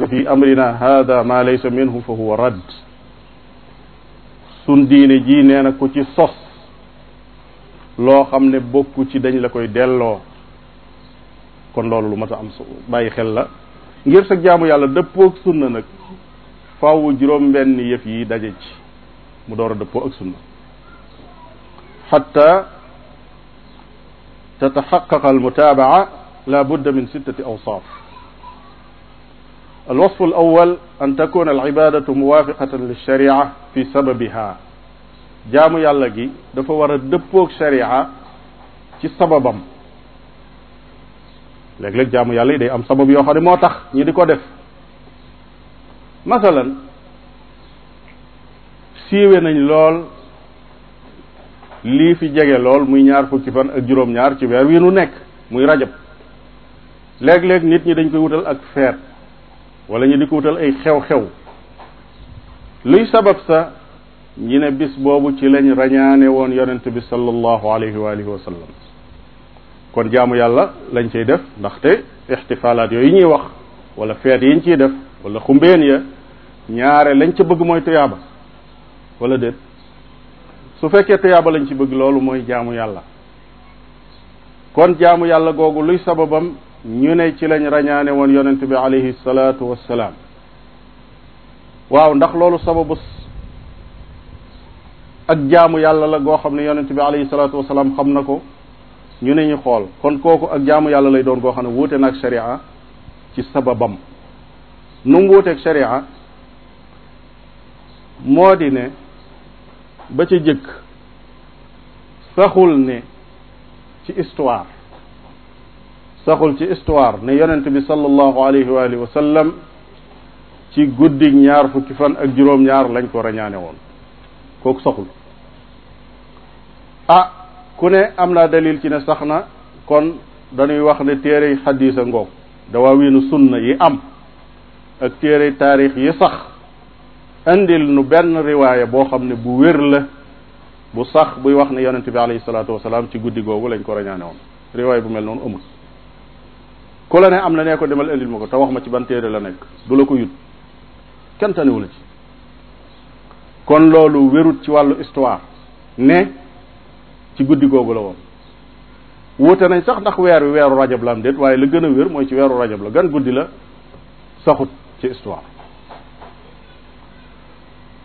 wa fi amrina hada ma laysa minhu fa huwa radd sun diine ji nee na ku ci sos loo xam ne bokku ci dañ la koy delloo kon loolu lu mat a am bàyyi xel la ngir sa jaamu yàlla dëppoo ak sunna nag faaw juróom benn yëf yi daje ci mu door a dëppoo ak sunna xatta tataxaqaqa almutaabaa la budda min sittati awsaaf الوصف الأول أن تكون العبادة موافقة للشريعة في سببها jaamu yàlla gi dafa war a dëppoog sharia ci sababam léeg-léeg jaamu yàlla yi day am sabab yoo xam ne moo tax ñi di ko def masalan siiwe nañ lool lii fi jege lool muy ñaar fukki fan ak juróom-ñaar ci weer wi nu nekk muy rajab léeg-léeg nit ñi dañ koy wutal ak feet wala ñu di ko wutal ay xew-xew luy sabab sa ñi ne bis boobu ci lañ rañaane woon yonent bi sallallahu alayhi wa alihi wa sallam kon jaamu yàlla lañ cay def ndaxte ixtifaalaat yooyu ñuy wax wala feet yiñ ciy def wala xumbeen ya ñaare lañ ca bëgg mooy tuyaaba wala déet su fekkee tuyaaba lañ ci bëgg loolu mooy jaamu yàlla kon jaamu yàlla googu luy sababam ñu ne ci lañ rañaane woon yonent bi alayhi salaatu wassalaam waaw ndax loolu sababu ak jaamu yàlla la goo xam ne yonent bi alayhi salaatu salaam xam na ko ñu ne ñu xool kon kooku ak jaamu yàlla lay doon goo xam ne wuute na ak sharia ci sababam nu mu wuuteeg sharia moo di ne ba ci jëkk saxul ne ci histoire saxul ci histoire ne yonent bi sallallahu alayhi wa alihi wa sallam ci guddig ñaar fukki fan ak juróom-ñaar lañ ko rañaane woon kooku saxul ah ku ne am naa dalil ci ne sax na kon dañuy wax ne téere xadiis a ngoog dawaawiinu sunna yi am ak téere taarix yi sax indil nu benn riwaaya boo xam ne bu wér la bu sax buy wax ne yonent bi alayhi salaatu wasalaam ci guddi googu lañ ko rañaane woon riwaaya bu mel noonu amul ku la ne am na nee ko demal indil ma ko te wax ma ci ban la nekk du la ko yut kenn tanewu la ci kon loolu wérut ci wàllu histoire ne ci guddi googu la woon wuute nañ sax ndax weer wi weeru rajab la am déet waaye la gën a wér mooy ci weeru rajab la gan guddi la saxut ci histoire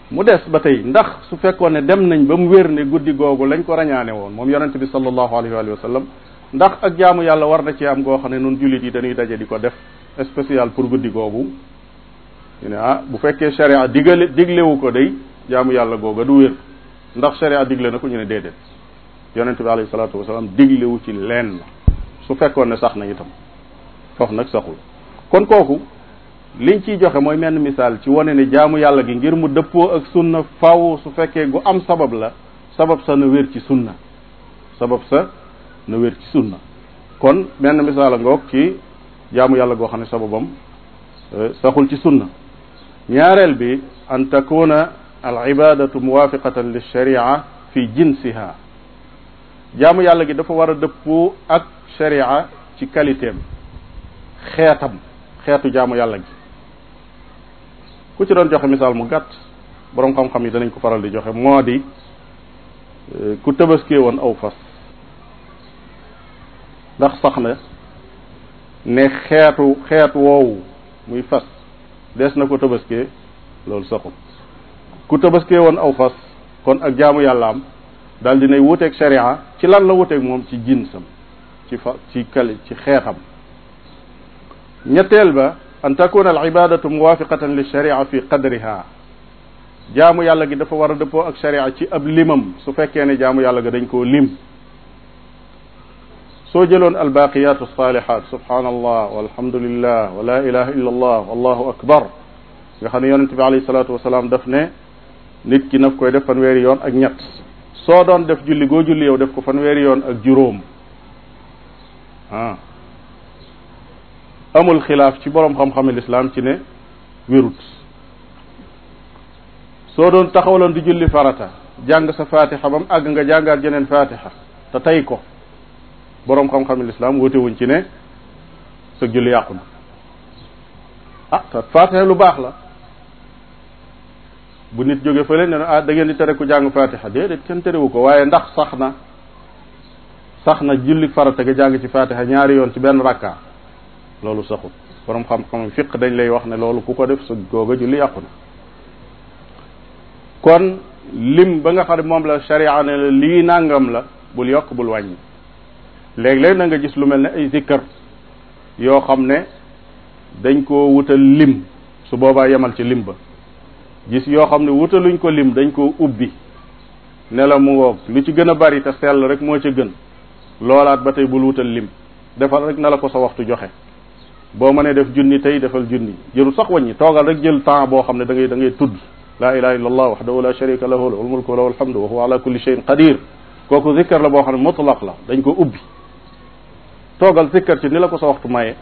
mu des ba tey ndax su fekkoon ne dem nañ ba mu wér ne guddi googu lañ ko rañaane woon moom yonente bi sallallahu alayhi wa sallam ndax ak jaamu yàlla war na ci am goo xam ne noonu jullit yi dañuy daje di ko def spécial pour guddi googu ñu ne ah bu fekkee sharia digale diglewu ko day jaamu yàlla googa du wér ndax sharia digle na ko ñu ne déedéet yonente bi alayhi salaatu wasalaam diglewu ci leen su fekkoon ne sax na itam foofu nag saxul kon kooku liñ ciy joxe mooy menn misaal ci wane ne jaamu yàlla gi ngir mu dëppoo ak sunna faw su fekkee gu am sabab la sabab sa na wér ci sunna sabab sa na wér ci sunna kon benn misaala ngoog ci jaamu yàlla goo xam ne sababam eh, saxul ci sunna ñaareel bi an takuna al ibadatu muwafiqatan lil sharia fi jinsiha jaamu yàlla gi dafa war a dëppoo ak sharia ci qualité xeetam xeetu jaamu yàlla gi ku ci doon joxe misaal mu gàtt boroom xam-xam yi danañ ko faral di joxe moo di eh, ku tëbaskee woon aw fas ndax na ne xeetu xeet woowu muy fas des na ko tabaskee loolu saxul ku tabaskee woon aw fas kon ak jaamu yàlla am daal dinay wuteeg sharia ci lan la wuteeg moom ci jinsam ci fa ci kali ci xeetam ñetteel ba an takuna al ibadatu muwafiqatan li sharia fi qadriha jaamu yàlla gi dafa war a dëppoo ak sharia ci ab limam su fekkee ne jaamu yàlla ga dañ koo lim soo jëloon al salihat subhanallah walhamdulillah wa la ilaha illa allah wallahu akbar nga xam ne yonente bi alayhi salatu wasalaam daf ne nit ki naf koy def weeri yoon ak ñett soo doon def julli goo julli yow def ko fanweeri yoon ak juróom ah amul xilaaf ci boroom xam-xami lislaam ci ne wérut soo doon taxawaloon di julli farata jàng sa fatixa ba mu àgg nga jàngaat jeneen fatixa te ko boroom xam-xami lislaam wute wuñ ci ne sa julli yàqu na ah te lu baax la bu nit jóge fële ne ah da ngeen di tere ku jàng faatiha déedéet kenn terewu ko waaye ndax sax na sax na julli farata ga jàng ci faatiha ñaari yoon ci benn rakka loolu saxul borom xam-xam fiq dañ lay wax ne loolu ku ko def sa googa julli yàqu na kon lim ba nga xam ne moom la sharia ne lii nàngam la bul yokk bul wàññi léeg-léeg na nga gis lu mel ne ay zikkar yoo xam ne dañ koo wutal lim su boobaa yemal ci lim ba gis yoo xam ne wutaluñ ko lim dañ koo ubbi ne la mu ngoog lu ci gën a bari te sell rek moo ca gën loolaat ba tey bul wutal lim defal rek na la ko sa waxtu joxe boo mënee def junni tey defal junni jërul sax wàññi toogal rek jël temps boo xam ne da ngay da ngay tudd laa ilaha illa allah waxdahu la sharika lahu lahul la wa lahu alhamdu wa huwa ala kulli shay'in qadir kooku zikkar la boo xam ne mutlaq la dañ ko ubbi toogal sikkar ci ni la ko sa waxtu maye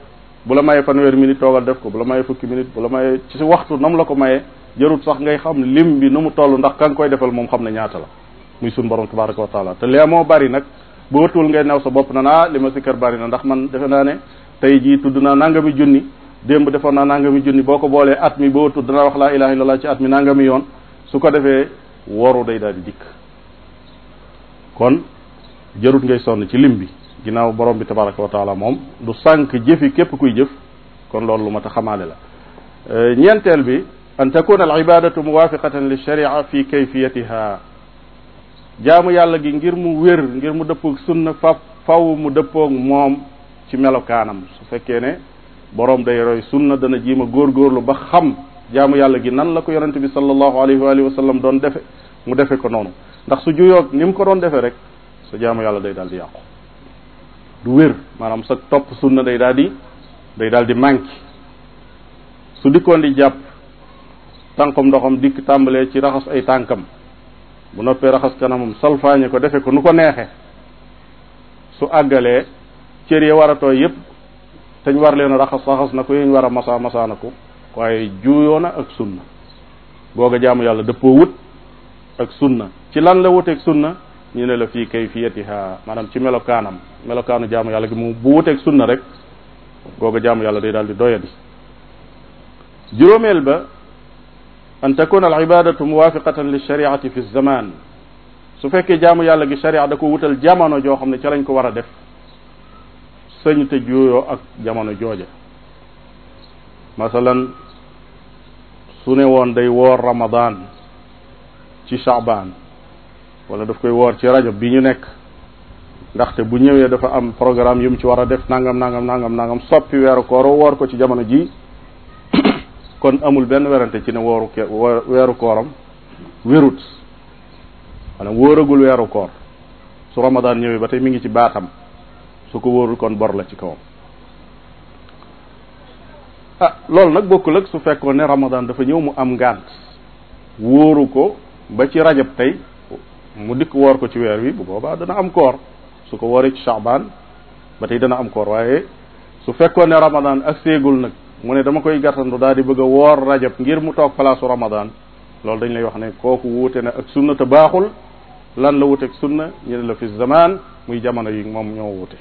bu la maye fanweeri minute toogal def ko bu la maye fukki minute bu la maye ci si waxtu nam la ko maye jarut sax ngay xam lim bi nu mu toll ndax ka nga koy defal moom xam ne ñaata la muy sun borom tabaraka wa taala te lee moo bari nag bu wëttuwul ngay naw sa bopp na naa ah, li ma sikkar bari na ndax man defe naa ne tey jii tudd naa mi junni démb defoon naa mi junni boo ko boolee at mi boo tudd dana wax laa ilaha illallah ci at mi nangami yoon su ko defee woru day daal di dikk kon jarut ngay ci lim bi ginnaaw boroom bi tabaraka wa taala moom du sànq jëfi képp kuy jëf kon loolu lu ma ta xamaale la euh, ñeenteel bi an takuna al ibadatu muwafiqatan li sharia fi kayfiyatiha jaamu yàlla gi ngir mu wér ngir mu dëppoog sunna fa faw mu dëppoog moom ci melokaanam su fekkee ne borom day roy sunna dana jiim a lu ba xam jaamu yàlla gi nan la ko yonente bi sallallahu alayhi wa alihi wa sallam doon defe mu defe ko noonu ndax su juyoog ni mu ko doon defee rek sa jaamu yàlla day daal di yàqu du wér maanaam sa topp sun na day daal di day daal di manqué su dikkoon di jàpp tànkum ndoxam dikk tàmbalee ci raxas ay tànkam bu noppee raxas kanamam salfaañe ko defe ko nu ko neexe su àggalee cër yi war a tooy yépp teñ war leen a raxas raxas na ko yeñ war a masaa masa na ko waaye juuyoo na ak sunna googa jaamu yàlla dëppoo wut ak na ci lan la sun na ñu ne la fii kayfiyatiha maanaam ci melokaanam melokaanu jaamu yàlla gi mu bu wuteeg sunna rek googa jaamu yàlla day daal di doyadi juróomeel ba an takuna al ibadatu muwafiqatan li shariati fi zaman su fekkee jaamu yàlla gi sharia da ko wutal jamono joo xam ne ca lañ ko war a def sëñ te juuyoo ak jamono jooja masalan sune woon day woor ramadan ci chaban wala daf koy woor ci rajo bi ñu nekk ndaxte bu ñëwee dafa am programme yu mu ci war a def nangam nangam nangam nangam soppi weeru koor woor ko ci jamono ji kon amul benn werante ci ne wooru weeru kooram wérut maanaam wóoragul weeru koor su ramadan ñëwee ba tey mi ngi ci baatam su ko wóorul kon bor la ci kawam ah loolu nag bokkul ak su fekkoon ne ramadan dafa ñëw mu am ngànt wóoru ko ba ci rajab tey mu dikk woor ko ci weer wi bu boobaa dana am koor su ko wooree ci chaabaan ba tey dana am koor waaye su fekkoon ne ramadan ak séegul nag mu ne dama koy gàttandu daal di bëgg a woor rajab ngir mu toog palaasu ramadan loolu dañ lay wax ne kooku wuute na ak sunna te baaxul lan la wuuteeg sunna ñu ne la fi zaman muy jamono yi moom ñoo wuute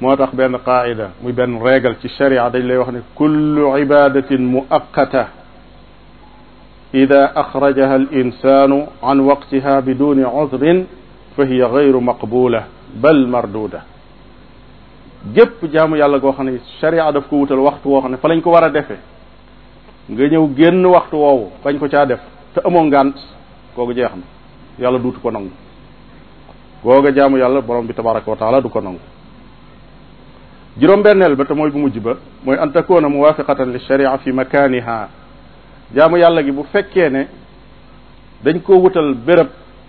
moo tax benn qaida muy benn régal ci sharia dañ lay wax ne kullu ibadatin muaqqata ida axrajaha al insanu an waqtiha biduni udrin fa hiya gayru maqbula bal marduda gépp jaamu yàlla goo xam ne sharia daf ko wutal waxtu woo xam ne fa lañ ko war a defee nga ñëw génn waxtu woowu bañ ko caa def te amoo ngant kooku jeex na yàlla duutu ko nangu googa jaamu yàlla borom bi tabaraka wa taala du ko nangu juróom benneel ba te mooy bu mujj ba mooy an takuna muwafiqatan li sharia fi makaniha jaamu yàlla gi bu fekkee ne dañ koo wutal bërëb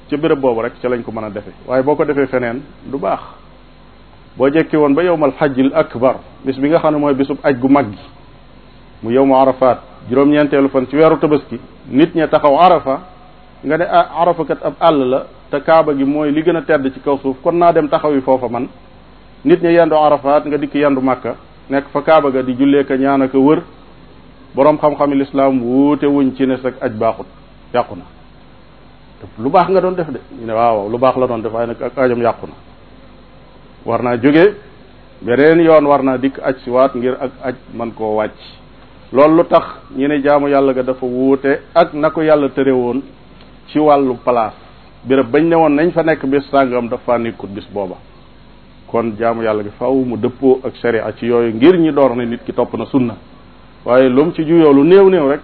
ca béréb boobu rek ca lañ ko mën a defe waaye boo ko defee feneen du baax boo jekki woon ba yowmal xajjil akbar bis bi nga xam ne mooy bisub aj gu mag gi mu yowmu arafaat juróom-ñeenteelu fan ci weeru tabaski nit ña taxaw arafa nga ne ah arafa ab àll la te kaaba gi mooy li gën a tedd ci kaw suuf kon naa dem taxaw yi foofa man nit ña yendu arafaat nga dikk yendu màkka nekk fa kaaba ga di jullee ka ñaan ak a wër boroom xam-xami lislaam wuute wuñ ci ne sag aj baaxut yàqu na lu baax nga doon def de ñu waaw lu baax la doon def waaye nag ak ajam yàquna war naa jóge beneen yoon war naa dikk aj si waat ngir ak aj man koo wàcc loolu lu tax ñu ne jaamu yàlla ga dafa wuute ak na ko yàlla tere woon ci wàllu place béréb bañ ne woon nañ fa nekk bis sàngam dafa nekkut bis booba kon jaamu yàlla gi faaw mu dëppoo ak sharia ci yooyu ngir ñi door na nit ki topp na sunna waaye lu mu ci juyoo lu néew néew rek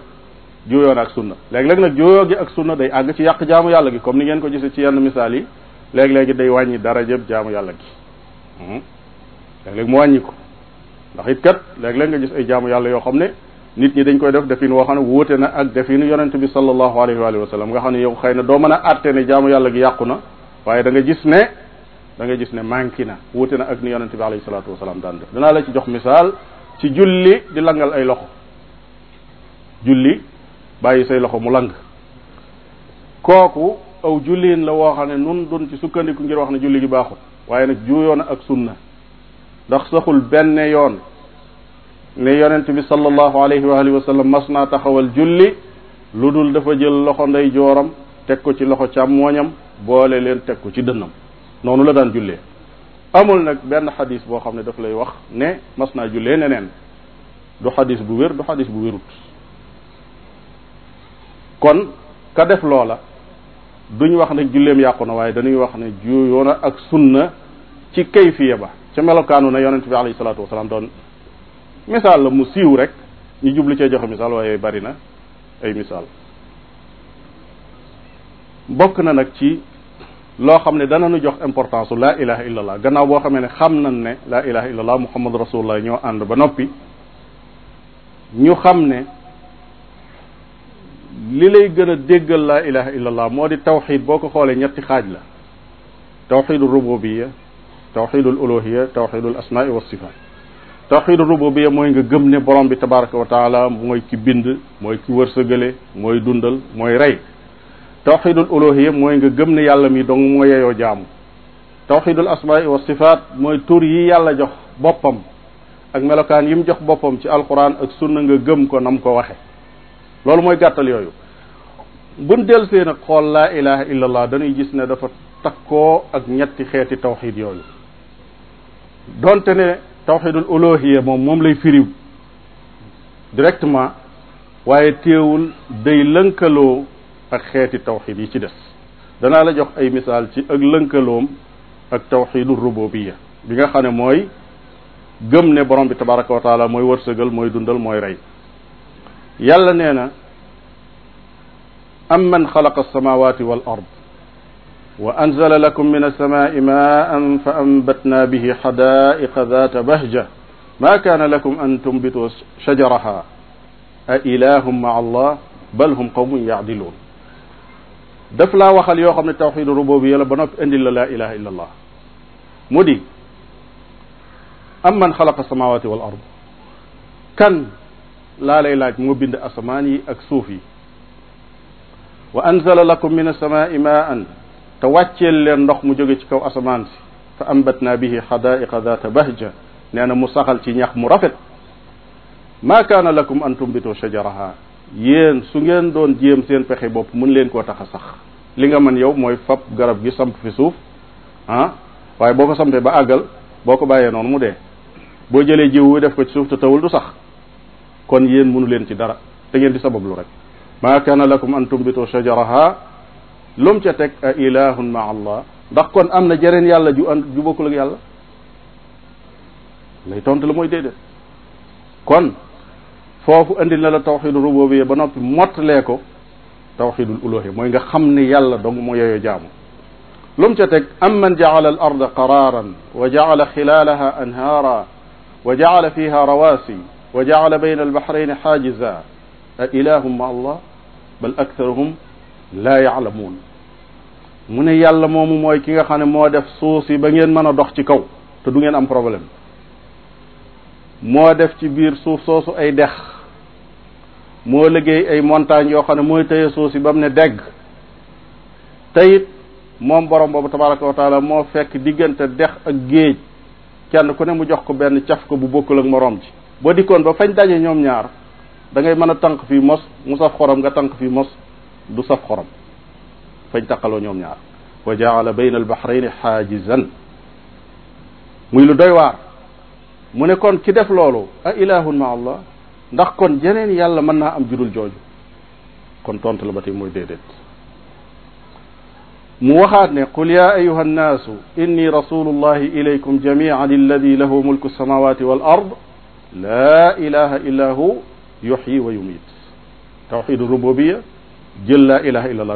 juyoo na ak sunna léeg-léeg nag juyoo gi ak sunna day àgg ci yàq jaamu yàlla gi comme ni ngeen ko gisee ci yenn misaal yi léeg-léegi day wàññi dara jëb jaamu yàlla gi hmm? léeg mu wàññi ko ndax it kat léeg-léeg nga gis ay jaamu yàlla yoo xam ne nit ñi dañ koy def defin woo xam ne wuute na ak definu yonente bi sallallahu alayhi wa sallam nga xam ne yow xëy na doo mën a àtte ne jaamu yàlla gi yàqu na waaye danga nga gis ne da nga gis ne manqué na wuute na ak ni yonente bi alayhi salatu wasalaam daan def dinaa la ci ci julli di langal ay loxo julli bàyyi say loxo mu lang kooku aw julliin la woo xam ne nun dun ci sukkandiku ngir wax na julli gi baaxul waaye nag juuyoon ak sunna ndax saxul benn yoon ne yonent bi sallallahu alayhi wa alihi wa sallam mas naa taxawal julli lu dul dafa jël loxo ndey jooram teg ko ci loxo càmmooñam boole leen teg ko ci dënnam noonu la daan jullee amul nag benn xadiis boo xam ne daf lay wax ne mas naa jullee neneen du xadis bu wér du xadis bu wérut kon ka def loola duñ wax ne julleem yàqu na waaye dañuy wax ne juuyoo na ak sunna ci kayfiya ba ca melokaanu na yonent bi alayhi salaatu wasalaam doon misaal la mu siiw rek ñu jublu cee jox misaal waaye bari na ay misaal bokk na nag ci loo xam ne danañu jox importance su laa ilaha illallah gannaaw boo xamee ne xam nañ ne laa ilaha illallah muhammad rasulullah ñoo ànd ba noppi ñu xam ne li lay gën a déggal laa ilaha illallah moo di tawxid boo ko xoolee ñetti xaaj la tawxidu rububiya tawxidu uluhiya tawxidu asmaai wa sifaat tawxidu rububiya mooy nga gëm ne borom bi tabaraka wa taala mooy ki bind mooy ki wërsëgale mooy dundal mooy rey tawxidul uluhiya mooy nga gëm ne yàlla mi dong moo yeyoo jaamu tawxidul asmaai wa sifaat mooy tur yi yàlla jox boppam ak melokaan yi mu jox boppam ci alquran ak sunna nga gëm ko nam ko waxe loolu mooy gàttal yooyu buñ delsee nag xool la ilaha illallah dañuy gis ne dafa takkoo ak ñetti xeeti tawxid yooyu donte ne tawxidul uluhiya moom moom lay firiw directement waaye teewul day lënkaloo ak xeeti tawxid yi ci des danaa la jox ay misaal ci ak lënkaloom ak tawxidu rububiya bi nga xam ne mooy gëm ne borom bi tabaraka wa taala mooy wërsëgal mooy dundal mooy rey yàlla nee na am man xalaqa alsamawati wal ard wa anzala lakum min alsamai maan fa ambatna bihi xadaiqa data bahja ma kaana lakum an tumbitu shajaraha a ilahum maa allah bal hum qawmun yaadiluun daf laa waxal yoo xam ne tawxidu rububiyya la ba noppi indil la laa ilaha illa allah mu di am man xalaqa samawati wal ard kan laa lay laaj moo bind asamaan yi ak suuf yi wa anzala lakum min asamaai maan te wàcceel leen ndox mu jóge ci kaw asamaan si fa ambatna bihi xadaaiqa data bahja nee na mu saxal ci ñax mu rafet maa kaana lakum an tumbitu shajaraha yéen su ngeen doon jéem seen pexe bopp mun leen koo tax a sax li nga man yow mooy fab garab gi samp fi suuf ah, waaye boo ko sampee ba àggal boo ko bàyyee noonu mu dee boo jëlee jiw wi def ko ci suuf te tawul du sax kon yéen mënu leen ci dara da ngeen di sabablu rek ma kana lakum an tumbitu shajaraha lum ca teg a ilahun ma allah ndax kon am na jëreen yàlla ju an ju bokkul ak yàlla lay tontu la mooy déedéet kon foofu indil na la tawxidul rububiyya ba noppi mottalee ko tawxidul uluhiyya mooy nga xam ne yàlla dong mu yeyoo jaamu lu mu ca teg am man jaala al arda qararan wa jaala xilaalaha anhaara wa jaala fiha rawaasi wa jaala bayna albahrayni xaajiza a ilahum ma allah bal aktharuhum laa yaalamuun mu ne yàlla moomu mooy ki nga xam ne moo def suuf si ba ngeen mën a dox ci kaw te du ngeen am problème moo def ci biir suuf soosu ay dex moo liggéey ay montagnes yoo xam ne mooy tëye suuf si ba mu ne degg te moom borom boobu tabaraka wa moo fekk diggante dex ak géej kenn ku ne mu jox ko benn caf ko bu bokk ak moroom ci boo dikkoon ba fañ daje ñoom ñaar dangay ngay mën a tànk fii mos mu saf xorom nga tànk fii mos du saf xorom fañ taqaloo ñoom ñaar wa jaala bayna albahrayni xaajizan muy lu doy waar mu ne kon ki def loolu a ilahun ma allah ndax kon yeneen yàlla mën naa am judul jooju kon tontu la ba tey mooy mu waxaat ne qul ya ayuha annaasu inni rasulullahi ilaykum jamian alladi lahu mulku alsamawati wal ard la ilaha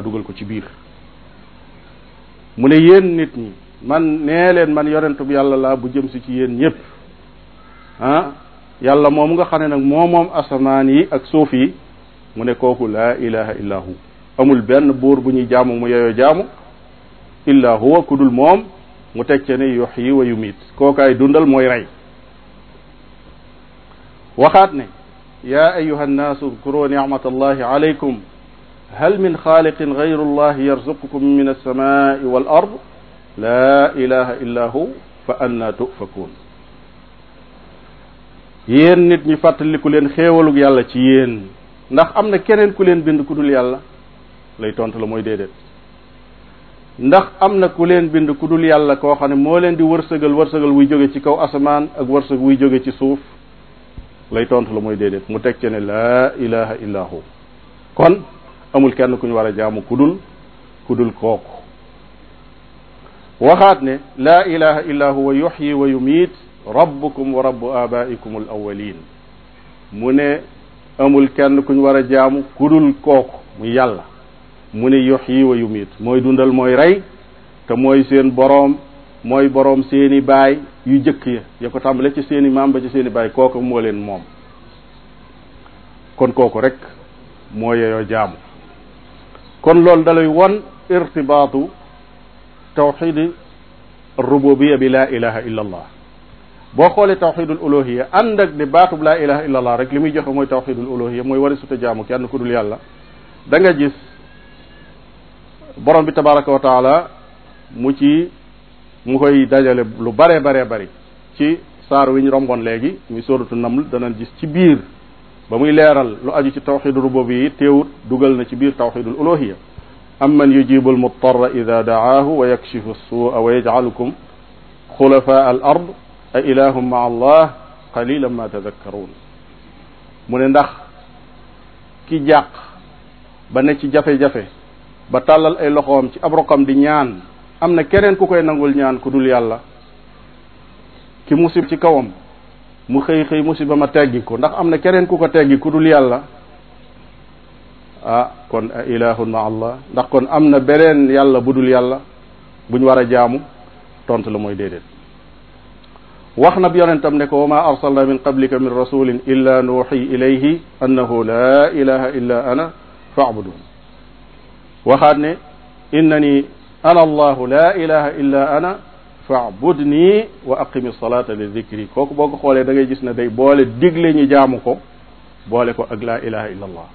dugal ko ci biir mu ne yéen nit ñi man nee leen man yonentub yàlla la bu jëm si ci yéen ñëpp ah? yàlla moom nga xam nag moo moom yi ak suuf yi mu ne kooku laa ilaha illa hu amul benn buur bu ñuy jaamu mu yeyoo jaamu illa huwa ku dul moom mu teg ca ne yuxyi wa dundal mooy rey waxaat ne yaa ayuha nnaasu udkuru nicmat allahi hal min xaaliqin gayru llahi yarzuqukum min alsamaai wal ard laa ilaha hu fa annaa tufakun yéen nit ñi fàttaliku leen xéewalug yàlla ci yéen ndax am na keneen ku leen bind ku dul yàlla lay tontu la mooy déedéet ndax am na ku leen bind ku dul yàlla koo xam ne moo leen di wërsëgal wërsëgal wuy jóge ci kaw asamaan ak wërsëg wuy jóge ci suuf lay tontu la mooy déedéet mu teg ci ne laa ilaha illa hu kon amul kenn ku ñu war a jaamu ku dul ku dul kooku waxaat ne laa ilaha illa huwa yuxyi wa yumiit rabbukum wa rabbu abaikum al mu ne amul kenn kuñ war a jaamu kudul kooku mu yàlla mu ne yuhyi wa yumiit mooy dundal mooy rey te mooy seen boroom mooy boroom seeni baay yu jëkk ya ya ko tàmbale ci seeni maam ba ci seeni baay kooku moo leen moom kon kooku rek moo yeyoo jaamu kon loolu dalay won irtibaatu tawxidi rububiya bi la ilaha illa allah boo xoolee tawxidul uluhiya ànd ak di baatub la ilaha illa allah rek li muy joxe mooy tawxidul uluhiya mooy wari suta jaamu kenn ku dul yàlla da nga gis borom bi tabaraka wa mu ci mu koy dajale lu bare bare bari ci saar wi ñu romboon léegi muy sóoratu naml danañ gis ci biir ba muy leeral lu aju ci tawxidu rububi teewut dugal na ci biir tawxidul uluhiya amman yujibu almutarra ida daahu wa yakshifu sua wa yajcalukum xulafa al ard a ilahum ma allah qalilan ma tadakkaruun mu ne ndax ki jàq ba ne ci jafe-jafe ba tàllal ay loxoom ci ab roqam di ñaan am na keneen ku koy nangul ñaan ku dul yàlla ki musib ci kawam mu xëy xëy ba ma teggi ko ndax am na keneen ku ko teggi ku dul yàlla ah kon a ilahun ma allah ndax kon am na beneen yàlla bu dul yàlla bu ñu war a jaamu tont la mooy déedéet wax na bi yonentam ne ko wa maa arsalna min qablika min rasulin illa nuuxi ilayhi annahu laa ilaha illa ana faabudun waxaat ne innani ana allahu laa ilaha illa ana faabudni wa aqimi salata li dikri kooku boo ko xoolee da ngay gis ne day boole digle ñi jaamu ko boole ko ak laa ilaha illa allah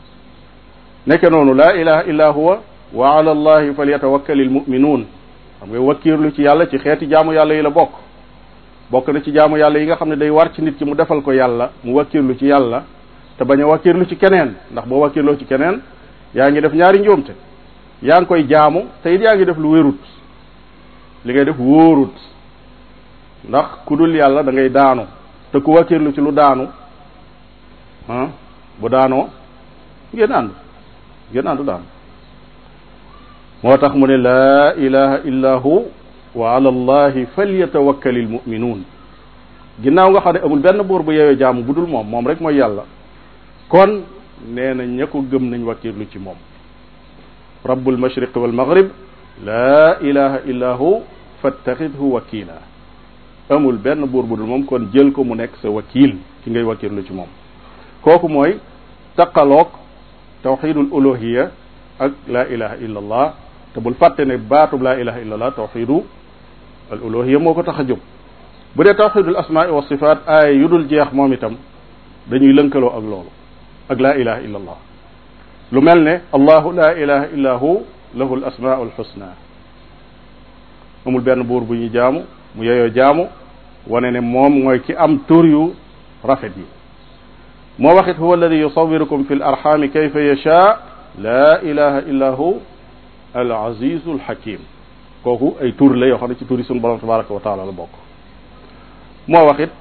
nekke noonu laa ilaha illa huwa wa ala allahi falyatawakkal almuminuun xam nga wakkiirlu ci yàlla ci xeeti jaamu yàlla yi la bokk bokk na ci jaamu yàlla yi nga xam ne day war ci nit ki mu defal ko yàlla mu wakkirlu ci yàlla te bañ a wakkirlu ci keneen ndax boo wakkirloo ci keneen yaa ngi def ñaari njuumte yaa ngi koy jaamu te it yaa ngi def lu wérut li ngay def wóorut ndax ku dul yàlla dangay daanu te ku wakkirlu ci lu daanu ah bu daanoo ngeen ànd ngeen àndu daanu moo tax mu ne laa ilaha illa hu wa ala allahi falyatawakkalil muminuun ginnaaw nga xam ne amul benn buur bu yeewee jaamu bu dul moom moom rek mooy yàlla kon nee na ña ko gëm nañ wakiirlu ci moom rabbul mashriq wal maghrib laa ilaha illa hu fattaxidhu wakila amul benn buur bu dul moom kon jël ko mu nekk sa wakil ci ngay wakiirlu ci moom kooku mooy taqaloog tawxidul uluhiya ak laa ilaha illa allah te bul fàtte ne baatub laa ilaha illa allah tawxidu al uluhiya moo ko tax a jóg bu dee tawxidul asmaai wa sifaat aaya yu dul jeex moom itam dañuy lënkaloo ak loolu ak laa ilaha illa allah lu mel ne allahu laa ilaha illa hu lahu l asmaau lxusna amul benn buur bu ñuy jaamu mu yeyoo jaamu wane ne moom mooy ki am tur yu rafet yi moo waxit huwa alladi yusawirukum fi l arxaami kayfa yasha laa ilaha illa hu al azizu al kooku ay tur la yoo xam ne ci tur yi sunu borom tabaraka wa taala la bokk moo wax it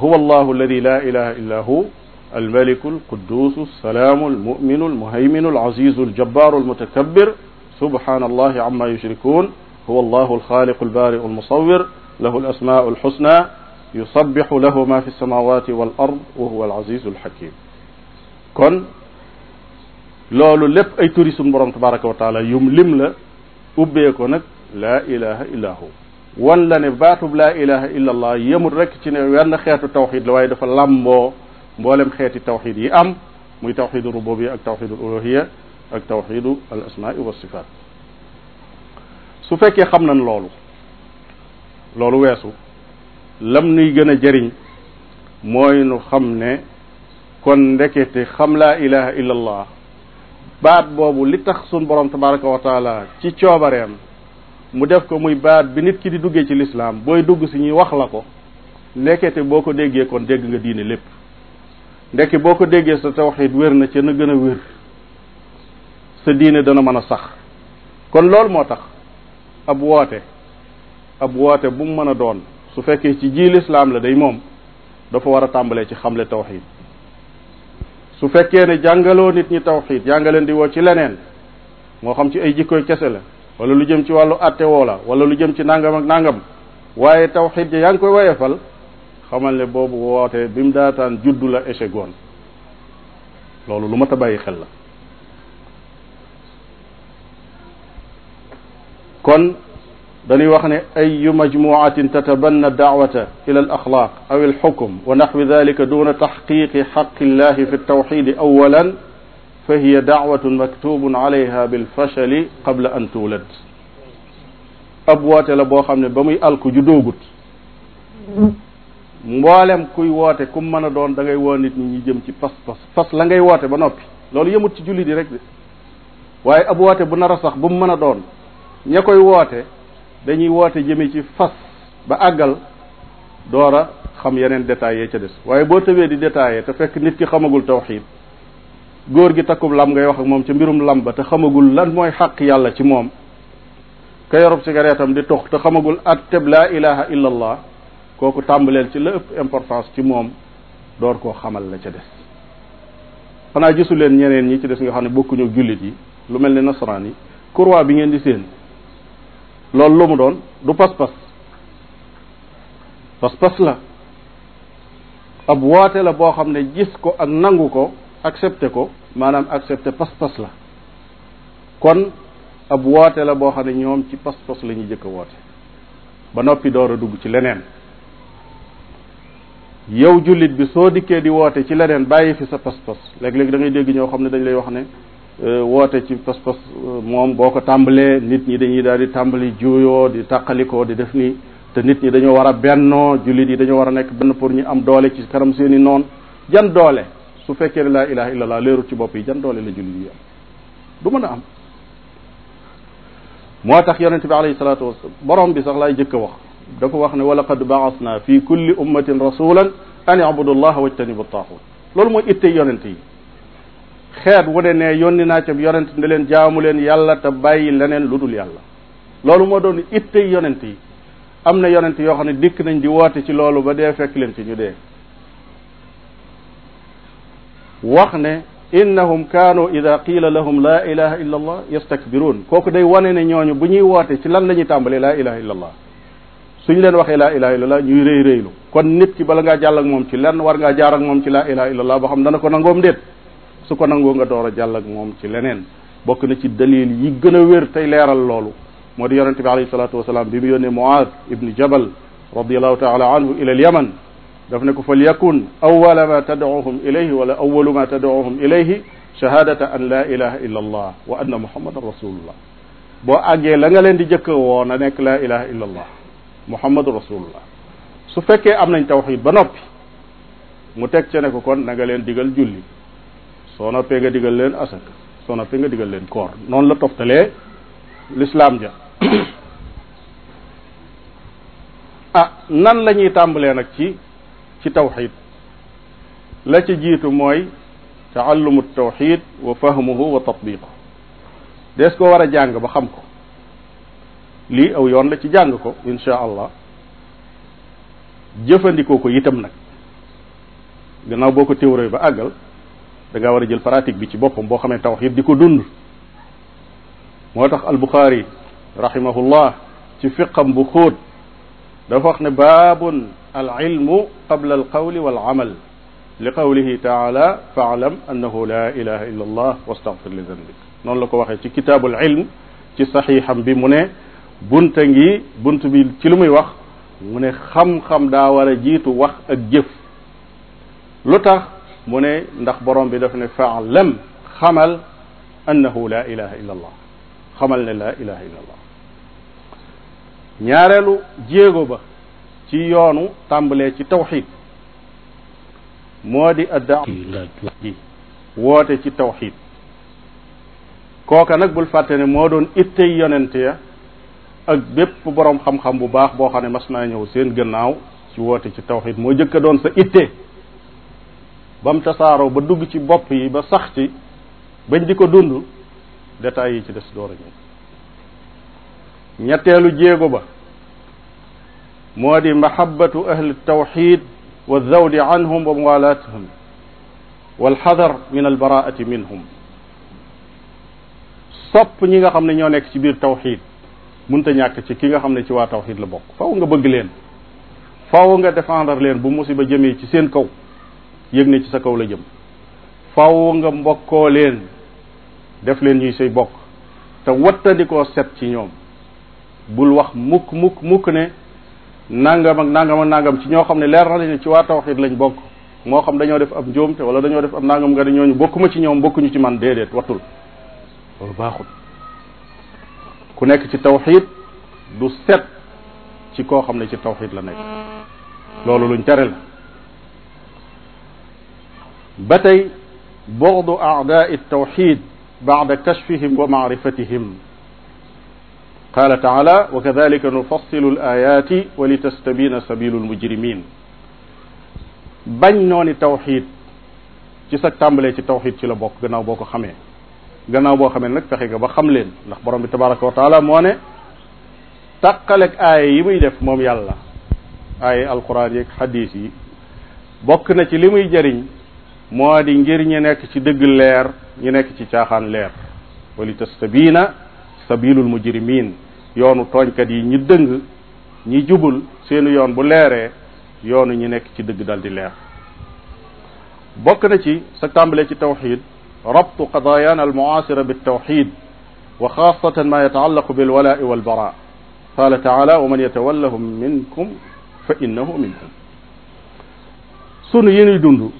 huwa allahu alladi la ilaha illa hu almaliku alqudusu alsalaamu almuminu almuhayminu alazizu aljabbaru almutakabir subhana allahi amma yushrikun huwa allahu alxaaliqu albaariu almusawir lahu alasmaau alxusna yusabixu lahu ma fi alsamawati wal ard wa huwa alazizu alxakim kon loolu lépp ay turi sunu borom tabaraka wa taala yum lim la ubbee ko nag illa hu wan la ne baatub laa ilaha illa allah yemul rek ci ne wenn xeetu tawxid la waaye dafa làmboo mboolem xeeti tawxid yi am muy tawxidu rububia ak tawxidu uluhiya ak tawxidu al asmaai sifaat su fekkee xam na loolu loolu weesu lam nuy gën a jëriñ mooy nu xam ne kon ndekete xam la ilaha illa allah baat boobu li tax sun borom tabaraka wa taala ci coobareem mu def ko muy baat bi nit ki di duggee ci lislaam booy dugg si ñuy wax la ko lekkete boo ko déggee kon dégg nga diine lépp ndekke boo ko déggee sa tawxid wér na ca na gën a wér sa diine dana mën a sax kon loolu moo tax ab woote ab woote bu mu mën a doon su fekkee ci ji lislaam la day moom dafa war a tàmbalee ci xamle tawxid su fekkee ne jàngaloo nit ñi tawxiid yaa nga leen di woo ci leneen moo xam ci ay jikkoy kese la wala lu jëm ci wàllu atte woo la wala lu jëm ci nangam ak nangam waaye tawxiid ja yaa ngi koy woyefal xamal ne boobu woote bi mu daataan juddu la échec woon loolu lu mat a bàyyi xel la kon dañuy wax ne ayu majmuatin tatabanna daawata ila al axlaaq aw al xukum wa naxwi dalika duna taxqiqi xaqi illahi fi tawxidi awalan fa hiya daawatun maktubun alayha bilfashali qabla an tuulad ab woote la boo xam ne ba muy alku ju doogut mboolem kuy woote ku mën a doon da ngay woo nit ñi ñu jëm ci pas-pas fas la ngay woote ba noppi loolu yëmut ci jullit yi rek de waaye ab woote bu nar a sax bu mu mën a doon ña koy woote dañuy woote jëme ci fas ba àggal door a xam yeneen détails yee ca des waaye boo tëbee di détaillé te fekk nit ki xamagul tawxiid góor gi takkub lam ngay wax ak moom ca mbirum lam ba te xamagul lan mooy xaq yàlla ci moom ka yorub cigarette di tux te xamagul at teb laa ilaha illa allah kooku tàmbaleel ci la ëpp importance ci moom door koo xamal la ca des xanaa gisu leen ñeneen ñi ci des nga xam ne bokkuñu jullit yi lu mel ne nasaraan yi courroie bi ngeen di seen loolu lu mu doon du pas-pas pas-pas la ab woote la boo xam ne gis ko ak nangu ko accepté ko maanaam accepté pas-pas la kon ab woote la boo xam ne ñoom ci pas-pas la ñuy jëkk a woote ba noppi door a dugg ci leneen yow jullit bi soo dikkee di woote ci leneen bàyyi fi sa pas-pas léeg-léeg da ngay dégg ñoo xam ne dañ lay wax ne Euh, woote ci pas-pas euh, moom boo ko tàmbalee nit ñi dañuy daal di tàmbali juuyoo di tàqalikoo di def nii te nit ñi dañoo war a bennoo jullit yi dañoo war a nekk benn pour ñu am doole ci kanam seen i noonu jan doole su fekkee la laa ilaha illallah leerul ci bopp yi jan doole la jullit yi am du mën am moo tax yonente bi alayhi salatu wasalam borom bi sax laay jëkk a wax dafa wax ne wala walaqad baasna fi kulli ummatin rasulan an ibudu llah wajtanibu taaxut loolu mooy itte yonente yi xeet wu ne ne yónni naa ca yonent ne leen jaamu leen yàlla te bàyyi leneen lu dul yàlla loolu moo doon it ittey yonent yi am na yonent yoo xam ne dikk nañ di woote ci loolu ba dee fekk leen ci ñu dee wax ne innahum kaanu ida qiila lahum laa ilaha illa allah yastakbiruun kooku day wane ne ñooñu bu ñuy woote ci lan lañuy tàmbale tàmbalee laa ilaha illa allah suñ leen waxee laa ilaha illa allah ñuy rëy rëylu kon nit ki bala ngaa jàll ak moom ci lenn war ngaa jaar ak moom ci laa ilaha boo xam dana ko nangoom déet su ko nangoo nga door a jàll ak moom ci leneen bokk na ci dalil yi gën a wér tey leeral loolu moo di yonente bi alayhi salatu wasalaam bi mu yónnee Muaaz ibni Jabal radiallahu taala anhu ila al yaman daf ne ko fal yakun awala ma tadcuhum ilayhi wala awalu ma tadcuhum ilayhi shahadata an la ilaha illa allah wa anna muhammadan rasulullah boo àggee la nga leen di jëkk woo na nekk la ilaha illa allah muhammadu rasulullah su fekkee am nañ tawxid ba noppi mu teg ca ne ko kon na nga leen digal julli soo noppee nga digal leen asak soo nga digal leen koor noonu la toftalee lislaam ja a ah, nan la ñuy tàmbalee nag ci ci tawxid la ci jiitu mooy taallumu tawxid wa fahmuhu wa tatbiqu des ko war a jàng ba xam ko lii aw yoon la ci jàng ko insha allah jëfandikoo ko itam nag gannaaw boo ko téwree ba àggal da war a jël pratique bi ci boppam boo xamee tawxid di ko dund moo tax albuxaari rahimahullah ci fiqam bu xóot dafa wax ne baabun al ilmu qabla al qawli wal amal li qawlihi taala faalam annahu la ilaha illa allah wastaghfir li zanbik noonu la ko waxee ci kitaabul ilm ci saxiixam bi mu ne bunta ngi bunt bi ci lu muy wax mu ne xam-xam daa war a jiitu wax ak jëf mu ne ndax borom bi daf ne lem xamal annahu la ilaha illa xamal ne la ilaha illa ñaareelu jéego ba ci yoonu tàmbalee ci tawxid moo di adda ji woote ci tawxid kooka nag bul fàtte ne moo doon ittey yonente ak bépp borom xam-xam bu baax boo xam ne mas naa ñëw seen gannaaw ci woote ci tawxid moo jëkka doon sa itte ba mu tasaaroo ba dugg ci bopp yi ba sax ci bañ di ko dund détails yi ci des door a ñëw ñetteelu jéego ba moo di mahabatu ahli tawxid wa zawdi anhum wa muwalaatuhum walxadar min albaraati minhum sopp ñi nga xam ne ñoo nekk ci biir tawxid munta ñàkk ci ki nga xam ne ci waa tawxid la bokk faw nga bëgg leen faw nga défendre leen bu musiba jëmee ci seen kaw yëg ne ci sa kaw la jëm faaw nga mbokkoo leen def leen ñuy say bokk te wattandikoo set ci ñoom bul wax mukk mukk mukk ne nangam ak nangam ak nangam ci ñoo xam ne leer na la ne ci waa tawxid lañ bokk moo xam dañoo def ab te wala dañoo def ab nangam nga ne ñooñu bokkuma ci ñoom bokkuñu ci man déedéet wattul loolu baaxul ku nekk ci tawxid du set ci koo xam ne ci tawxid la nekk loolu luñ tere ba tey bu'du a'daai tawxid ba'da kashfihim wa ma'rifatihim qaala taala wa kadalika nufassilu alayaati wa litastabina sabilu almujrimin bañ nooni tawxid ci sa tàmbalee ci tawxid ci la bokk gannaaw boo ko xamee gannaaw boo xamee nag fexe nga ba xam leen ndax borom bi tabaraka wa taala moo ne tàqaleeg aaya yi muy def moom yàlla aaya alquran yeeg xadis yi bokk na ci li muy jëriñ moo di ngir ñu nekk ci dëgg leer ñu nekk ci caaxaan leer wali tastabiina sabilul mujrimin yoonu tooñkat yi ñu dëng ñi jubul seenu yoon bu leeree yoon ñi nekk ci dëgg dal di leer bokk na ci sa tàmbalee ci tawxid rabtu qadayana almuasira biltawxid wa xaasatan ma yataallaqu bilwalai walbara wa man yatawallahum minkum fa innahu minhum sunu yi nuy dund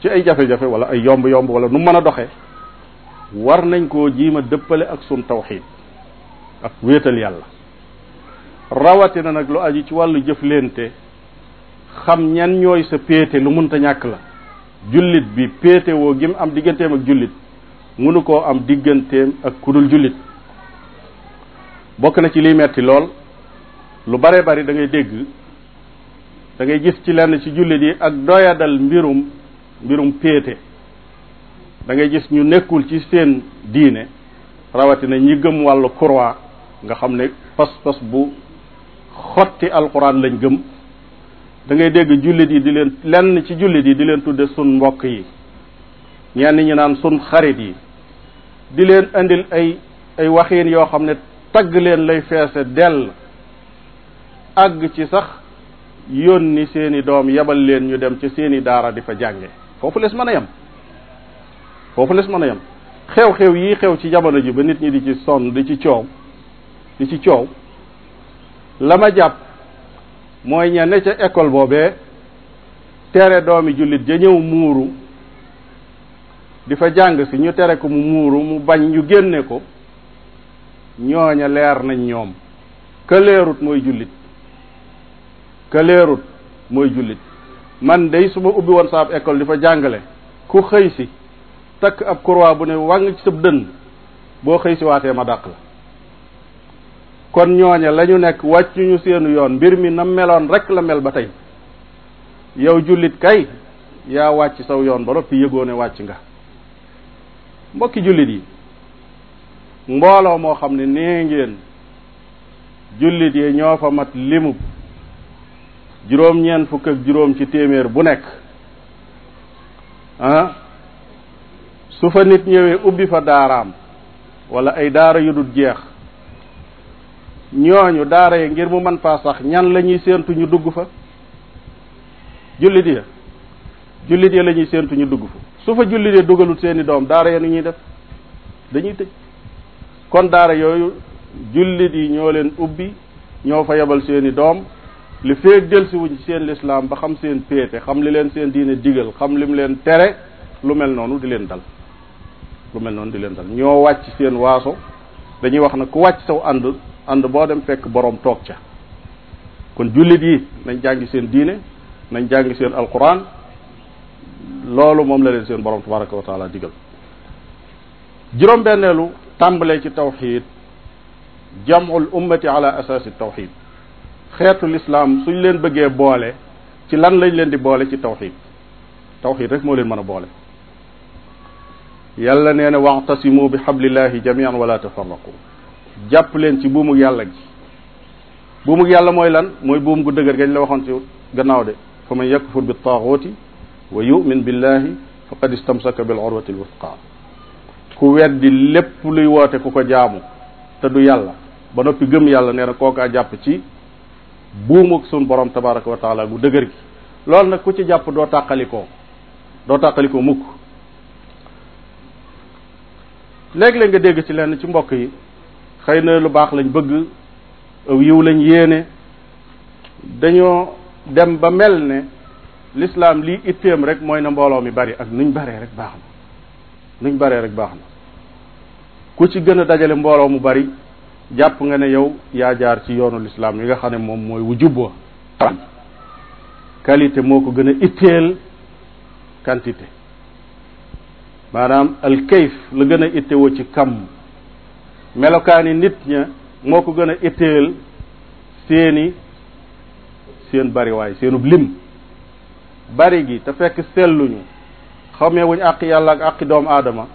ci ay jafe-jafe wala ay yomb-yomb wala nu mën a doxe war nañ koo jiima dëppale ak sun tawxid ak wéetal yàlla rawatina nag lu aju ci wàllu jëflente xam ñan ñooy sa péete lu mënta ñàkk la jullit bi péete woo gim am digganteem ak jullit munu koo am digganteem ak kudul jullit bokk na ci liy metti lool lu bare bari da ngay dégg dangay gis ci lenn ci jullit yi ak doyadal mbirum mbirum péete da gis ñu nekkul ci seen diine rawatina ñi gëm wàllu croix nga xam ne pas-pas bu xotti alquran lañ gëm dangay dégg jullit yi di leen lenn ci jullit yi di leen tudde sun mbokk yi ñenn ñi naan sun xarit yi di leen indil ay ay waxiin yoo xam ne tagg leen lay feese dell àgg ci sax yónni seeni doom yebal leen ñu dem ci seeni daara di fa jànge foofu les mën a yem foofu les mën a yem xew-xew yi xew ci jamono ji ba nit ñi di ci sonn di ci coow di ci coow la ma jàpp mooy ña ca école boobee tere doomi jullit ja ñëw muuru di fa jàng si ñu tere ko mu muuru mu bañ ñu génne ko ñooña leer nañ ñoom ka leerut mooy jullit ka leerut mooy jullit man dey su ma ubbi woon saab école di fa jàngale ku xëy si takk ab croix bu ne wàng ci sab dënn boo xëy si waatee ma dàq la kon ñooña lañu nekk nekk wàccuñu seenu yoon mbir mi na meloon rek la mel ba tey yow jullit kay yaa wàcc saw yoon ba noppi yëgoo ne wàcc nga mbokki jullit yi mbooloo moo xam ne nee ngeen jullit yi ñoo fa mat limu juróom-ñeent fukk ak juróom ci téeméer bu nekk ah su fa nit ñëwee ubbi fa daaraam wala ay daara yu dul jeex ñooñu daara yi ngir mu man faa sax ñan lañuy ñuy séentu ñu dugg fa jullit ya jullit ya la ñuy ñu dugg fa su fa jullit ya dugalut seeni doom daara ya nu ñuy def dañuy tëj kon daara yooyu jullit yi ñoo leen ubbi ñoo fa yebal seeni doom li feeg delsi wuñ seen lislaam ba xam seen péete xam li leen seen diine digal xam lim leen tere lu mel noonu di leen dal lu mel noonu di leen dal ñoo wàcc seen waaso dañuy wax na ku wàcc saw ànd ànd boo dem fekk boroom toog ca kon jullit yi nañ jàngi seen diine nañ jàngi seen alquran loolu moom la leen seen borom tabaraka wa taala digal juróom-benneelu tàmbalee ci tawxid jamul ummati ala asaasi tawxid xeetu lislaam suñ leen bëggee boole ci lan lañ leen di boole ci tawxid tawxid rek moo leen mën a boole yàlla nee na waxtasimu bi xablillahi jamian wala tafarraqu jàpp leen ci buumu yàlla gi buumu yàlla mooy lan mooy buum gu dëgër gañ la waxoon ci gannaaw de fa man yakfur bi taaxooti wa yumin billahi faqad istamsaka bil urwati lwusqa ku weddi lépp luy woote ku ko jaamu te du yàlla ba noppi gëm yàlla nee na kookaa jàpp ci buumug sun borom tabaraka wa taala gu dëgër gi loolu nag ku ci jàpp doo tàqalikoo doo tàqalikoo mukk léeg-léeg nga dégg ci lenn ci mbokk yi xëy na lu baax lañ bëgg aw yiw lañ yéene dañu dem ba mel ni lislaam lii itteem rek mooy na mbooloo mi bari ak nuñ baree rek baax na nuñ baree rek baax na ku ci gën a dajale mbooloo mu bari jàpp nga ne yow yaa jaar ci yoonu lislaam yi nga xam ne moom mooy wujub wa qualité moo ko gën a itteel quantité maanaam al kayf la gën a ittewoo ci kam melokaani nit ña moo ko gën a itteel seeni seen bariwaay seenub lim bari gi te fekk selluñu xamee wuñ àq yàlla ak àqi doomu aadama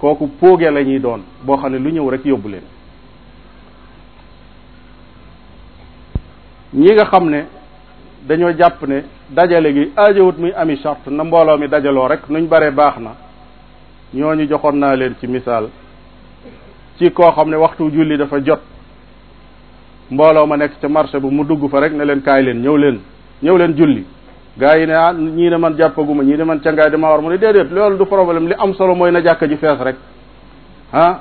kooku póoge la ñuy doon boo xam ne lu ñëw rek yóbbu leen ñii nga xam ne dañoo jàpp ne dajale gi aajowut muy ami charte na mbooloo mi dajaloo rek nuñ baree baax na ñoo ñu joxoon naa leen ci misaal ci koo xam ne waxtu julli dafa jot mbooloo ma nekk ca marché bu mu dugg fa rek ne leen kaay leen ñëw leen ñëw leen julli gaa yi ne ah ñii ne man jàppaguma ñii ne man cangaay damaa war mu ne déedéet loolu du problème li am solo mooy na jàkka ji fees rek ah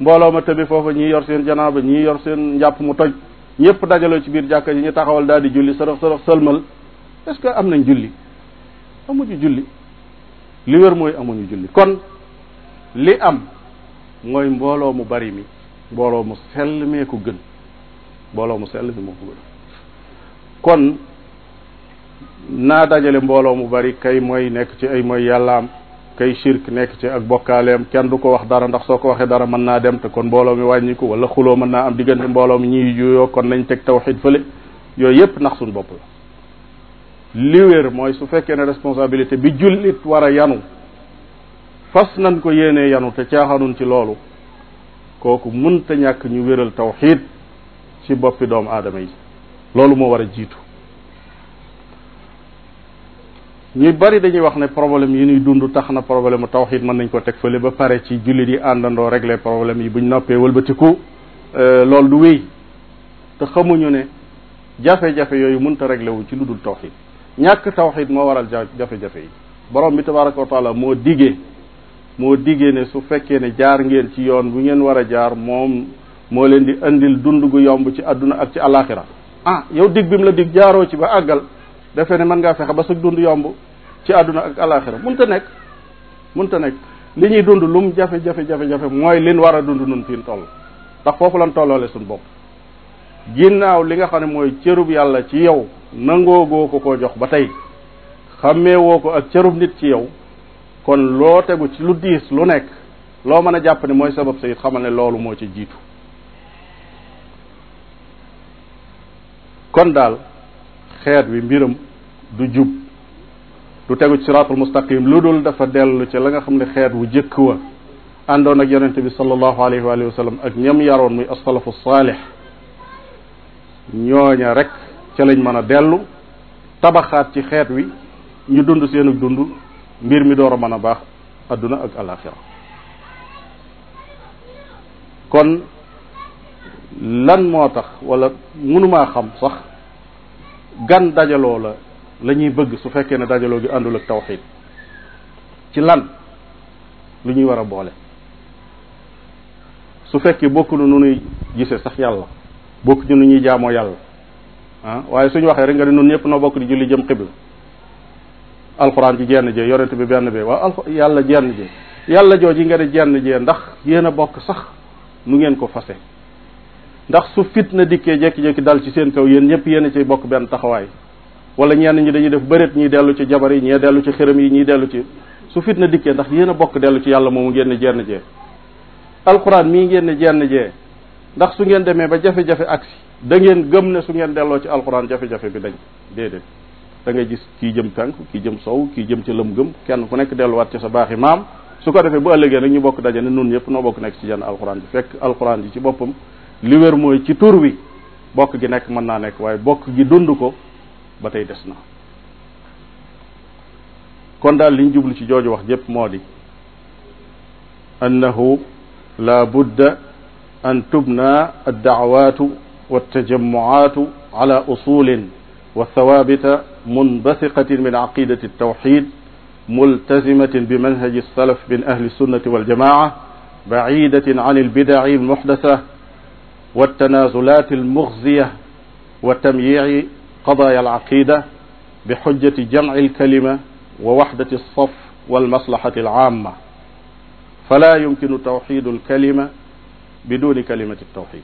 mbooloo ma tëbi foofa ñii yor seen janaaba ñii yor seen njàpp mu toj ñëpp dajaloo ci biir jàkka ji ñu taxawal daal di julli sarax sarax sëlmal est ce que am nañ julli amuñu julli li wér mooy amuñu julli kon li am mooy mbooloo mu bari mi mbooloo mu sell mee ko gën mbooloo mu sell mi moo ko gën kon naa dajale mbooloo mu bari kay mooy nekk ci ay mooy yàllaam kay shirk nekk ci ak bokkaaleem kenn du ko wax dara ndax soo ko waxee dara mën naa dem te kon mbooloo mi wàññiku wala xuloo mën naa am diggante mbooloo mi ñuy juyoo kon nañ teg tawxid fële yooyu yépp nax suñ bopp la li wér mooy su fekkee ne responsabilité bi jullit war a yanu fas nañ ko yéenee yanu te caaxanuñ ci loolu kooku munta ñàkk ñu wéral tawxiid ci boppi doomu aadama yi loolu moo war a jiitu ñu bari dañuy wax ne problème yi nuy dund tax na problème mu tawxid mën nañ ko teg fële ba pare ci jullit yi àndandoo régler problème yi buñ noppee wëlbatiku euh, loolu du wéy te xamuñu ne jafe-jafe yooyu munta régler wu ci lu dul tawxid ñàkk tawxid moo waral jafe-jafe yi borom bi tabaraka wa taala moo digee moo digee ne su fekkee ne jaar ngeen ci yoon bu ngeen war a jaar moom moo leen di indil dund gu yomb ci àdduna ak ci alaxira ah yow dig bi mu la jaaroo ci ba àggal defee ne mën ngaa fexe ba sa dund yomb ci àdduna ak alaxira munta nekk munta nekk li ñuy dund lum jafe-jafe jafe-jafe mooy lin war a dund nun fi toll ndax foofu lan tolloole suñu bopp ginnaaw li nga xam ne mooy cërub yàlla ci yow nangoo goo ko jox ba tey xàmmee ko ak cërub nit ci yow kon loo tegu ci lu diis lu nekk loo mën a jàpp ne mooy sabab sa it xamal ne loolu moo ci jiitu kon daal xeet wi mbiram du jub du tegu ci siraatul mustaqim lu dul dafa dellu ci la nga xam ne xeet wu jëkk wa àndoon ak yonente bi sallallahu alayhi wa sallam ak ñam yaroon muy asalafu saalix ñooña rekk ca lañ mën a dellu tabaxaat ci xeet wi ñu dund seenug dund mbir mi door a mën a baax adduna ak alaxira kon lan moo tax walla mënumaa xam sax gan dajaloo la la ñuy bëgg su fekkee ne dajaloo gi àndul ak tawxid ci lan lu ñuy war a boole su fekkee bokk nu nu nuy gisee sax yàlla bokk ñu nu ñuy jaamoo yàlla ah waaye suñu waxee rek nga ne nun ñëpp noo bokk di julli jëm xibla alxuraan ji jenn jee yonent bi benn bi waa alxu yàlla jenn jee yàlla jooji nga ne jenn jee ndax yéen a bokk sax nu ngeen ko fase ndax su fitna dikkee jékki-jékki dal ci seen kaw yéen ñëpp yéen a bokk benn taxawaay wala ñenn ñi dañuy def bëreet ñiy dellu ci jabar yi ñee dellu ci xërëm yi ñiy dellu ci su fitna dikkee ndax yéen a bokk dellu ci yàlla moomu ngeen ne jee alxuraan mii ngeen ne jenn jee ndax su ngeen demee ba jafe-jafe da ngeen gëm ne su ngeen delloo ci alxuraan jafe bi dañ déedéet da nga gis kii jëm penk kii jëm sow kii jëm ci lëm gëm kenn ku nekk delluwaat ci sa baaxi maam su ko defee bu ëllëgee nag ñu bokk daje ne nun ñëpp noo bokk nekk ci jenn alxuraan ji fekk alxuraan ji ci boppam li wér mooy ci tur wi bokk gi nekk mën naa nekk waaye bokk gi dund ko ba tey des na kon daal li ñu jublu ci jooju wax jépp moo di annahu la budda an tubna addaawaatu waltajammuaatu ala usulin wa thawaabita munbasiqatin min aqidati altawxid multazimatin bi manhaji alsalaf min ahli sunnati waljamaa baidatin an albidaci almuxdasa والتنازلات المخزية وتمييع قضايا العقيدة بحجة جمع الكلمة ووحدة الصف والمصلحة العامة فلا يمكن توحيد الكلمة بدون كلمة التوحيد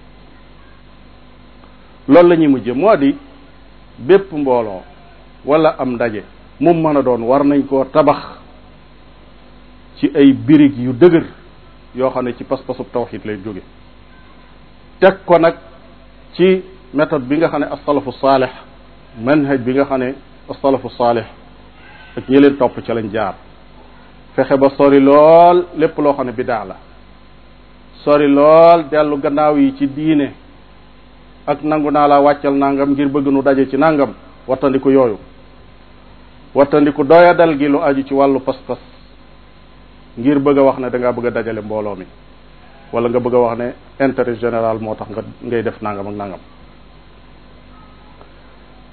loolu la ñuy mujje moo di bépp mbooloo wala am ndaje mu mën a doon war nañ koo tabax ci ay birig yu dëgër yoo xam ne ci pas-pasub tawxid lay jóge teg ko nag ci méthode bi nga xam ne asalafu saalix manhaj bi nga xam ne asalafu saalix ak ñi leen topp ca lañ jaar fexe ba sori lool lépp loo xam ne bidaa la sori lool dellu gannaaw yi ci diine ak nangu naa la wàccal nangam ngir bëgg nu daje ci nàngam wattandiku yooyu wattandiku doyadal gi lu aju ci wàllu pas-pas ngir bëgg a wax na dangaa bëgg a dajale mbooloo mi wala nga bëgg a wax ne intérêt général moo tax nga ngay def nangam ak nangam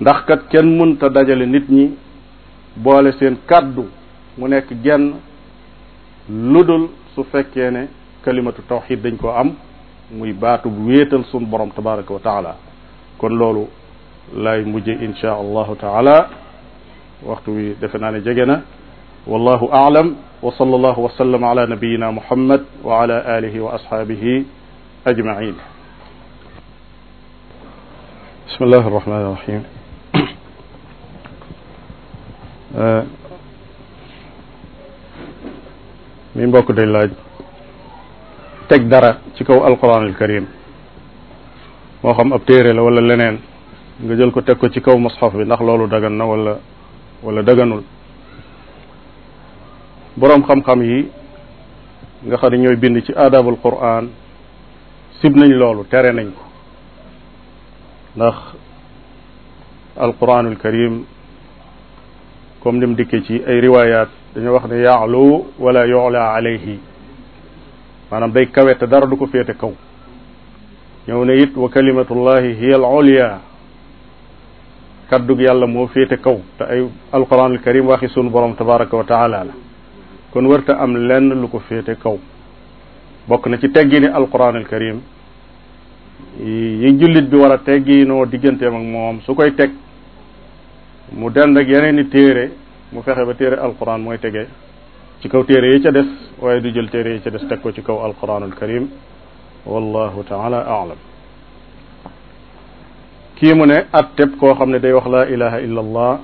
ndax kat kenn mënta dajale nit ñi boole seen kàddu mu nekk genn lu ludul su fekkee ne kalimatu tawxid dañ ko am muy baatu bu wéetal sun borom tabaraka wa taala kon loolu lay mujje insha allahu taala waxtu wi defe naa ne jege na wallahu aalam wa sallallahu wa sallam ala nabiyina muhammad wa ala alihi wa ashabihi ajmain bismillahi arrahmani arrahim eh, mi mbokk day laaj teg dara ci kaw alquranil karim moo xam ab téere la wala leneen nga jël ko teg ko ci kaw mushaf bi ndax loolu dagan na wala wala daganul boroom xam-xam yi nga xam ne ñooy bind ci aadabul quran sib nañ loolu tere nañ ko ndax alquranul karim comme ni mu dikkee ci ay riwaayaat dañoo wax ne yaalu wala yu'la alayhi maanaam day kawet te dara du ko féete kaw ñëw ne it wa kalimatullahi hiya al ulya kaddug yàlla moo féete kaw te ay alquranul karim waxi sunu borom tabaraka wa taala kon warta am lenn lu ko féete kaw bokk na ci teggini alquran al karim yi jullit bi war a tegginoo diggante ak moom su koy teg mu dend ak yeneen i téere mu fexe ba téere alquran mooy tege ci kaw téere yi ca des waaye du jël téere yi ca des teg ko ci kaw alquran al karim wallahu taala alam kii mu ne atteb koo xam ne day wax laa ilaha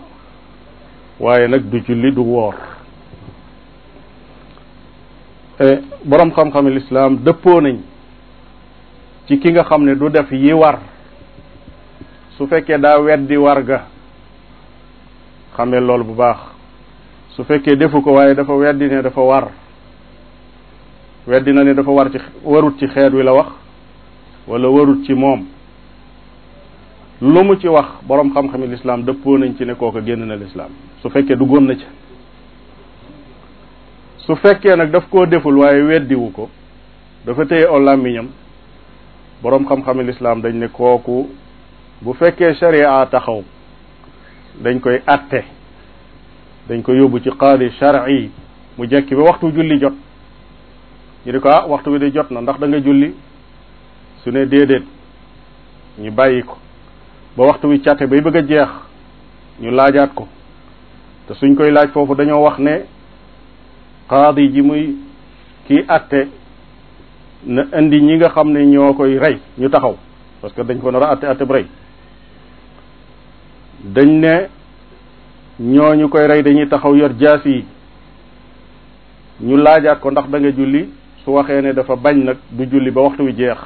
waaye nag du julli du woor boroom xam-xami lislaam dëppoo nañ ci ki nga xam ne du def yi war su fekkee daa weddi war ga xamee loolu bu baax su fekkee defu ko waaye dafa weddi ne dafa war weddi na ne dafa war ci warut ci xeet wi la wax wala warut ci moom lu mu ci wax boroom xam-xami lislaam dëppoo nañ ci ne kooka génn na lislaam su fekkee duggoon na ca su fekkee nag daf koo deful waaye weddiwu ko dafa téye aw làmmiñam boroom xam-xami lislaam dañ ne kooku bu fekkee sharia taxaw dañ koy atte dañ ko yóbbu ci qaadi shar'i mu jekki ba waxtu julli jot ñu ne ko ah waxtu wi de jot na ndax da nga julli su ne déedéet ñu bàyyi ko ba waxtu wi cate bay bëgg a jeex ñu laajaat ko te suñ koy laaj foofu dañoo wax ne qaadi ji muy kii atte na indi ñi nga xam ne ñoo koy rey ñu taxaw parce que dañ ko nar a atte atte bu rey dañ ne ñooñu koy rey dañuy taxaw yor jaas yi ñu laajaat ko ndax da julli su waxee ne dafa bañ nag du julli ba waxtu wi jeex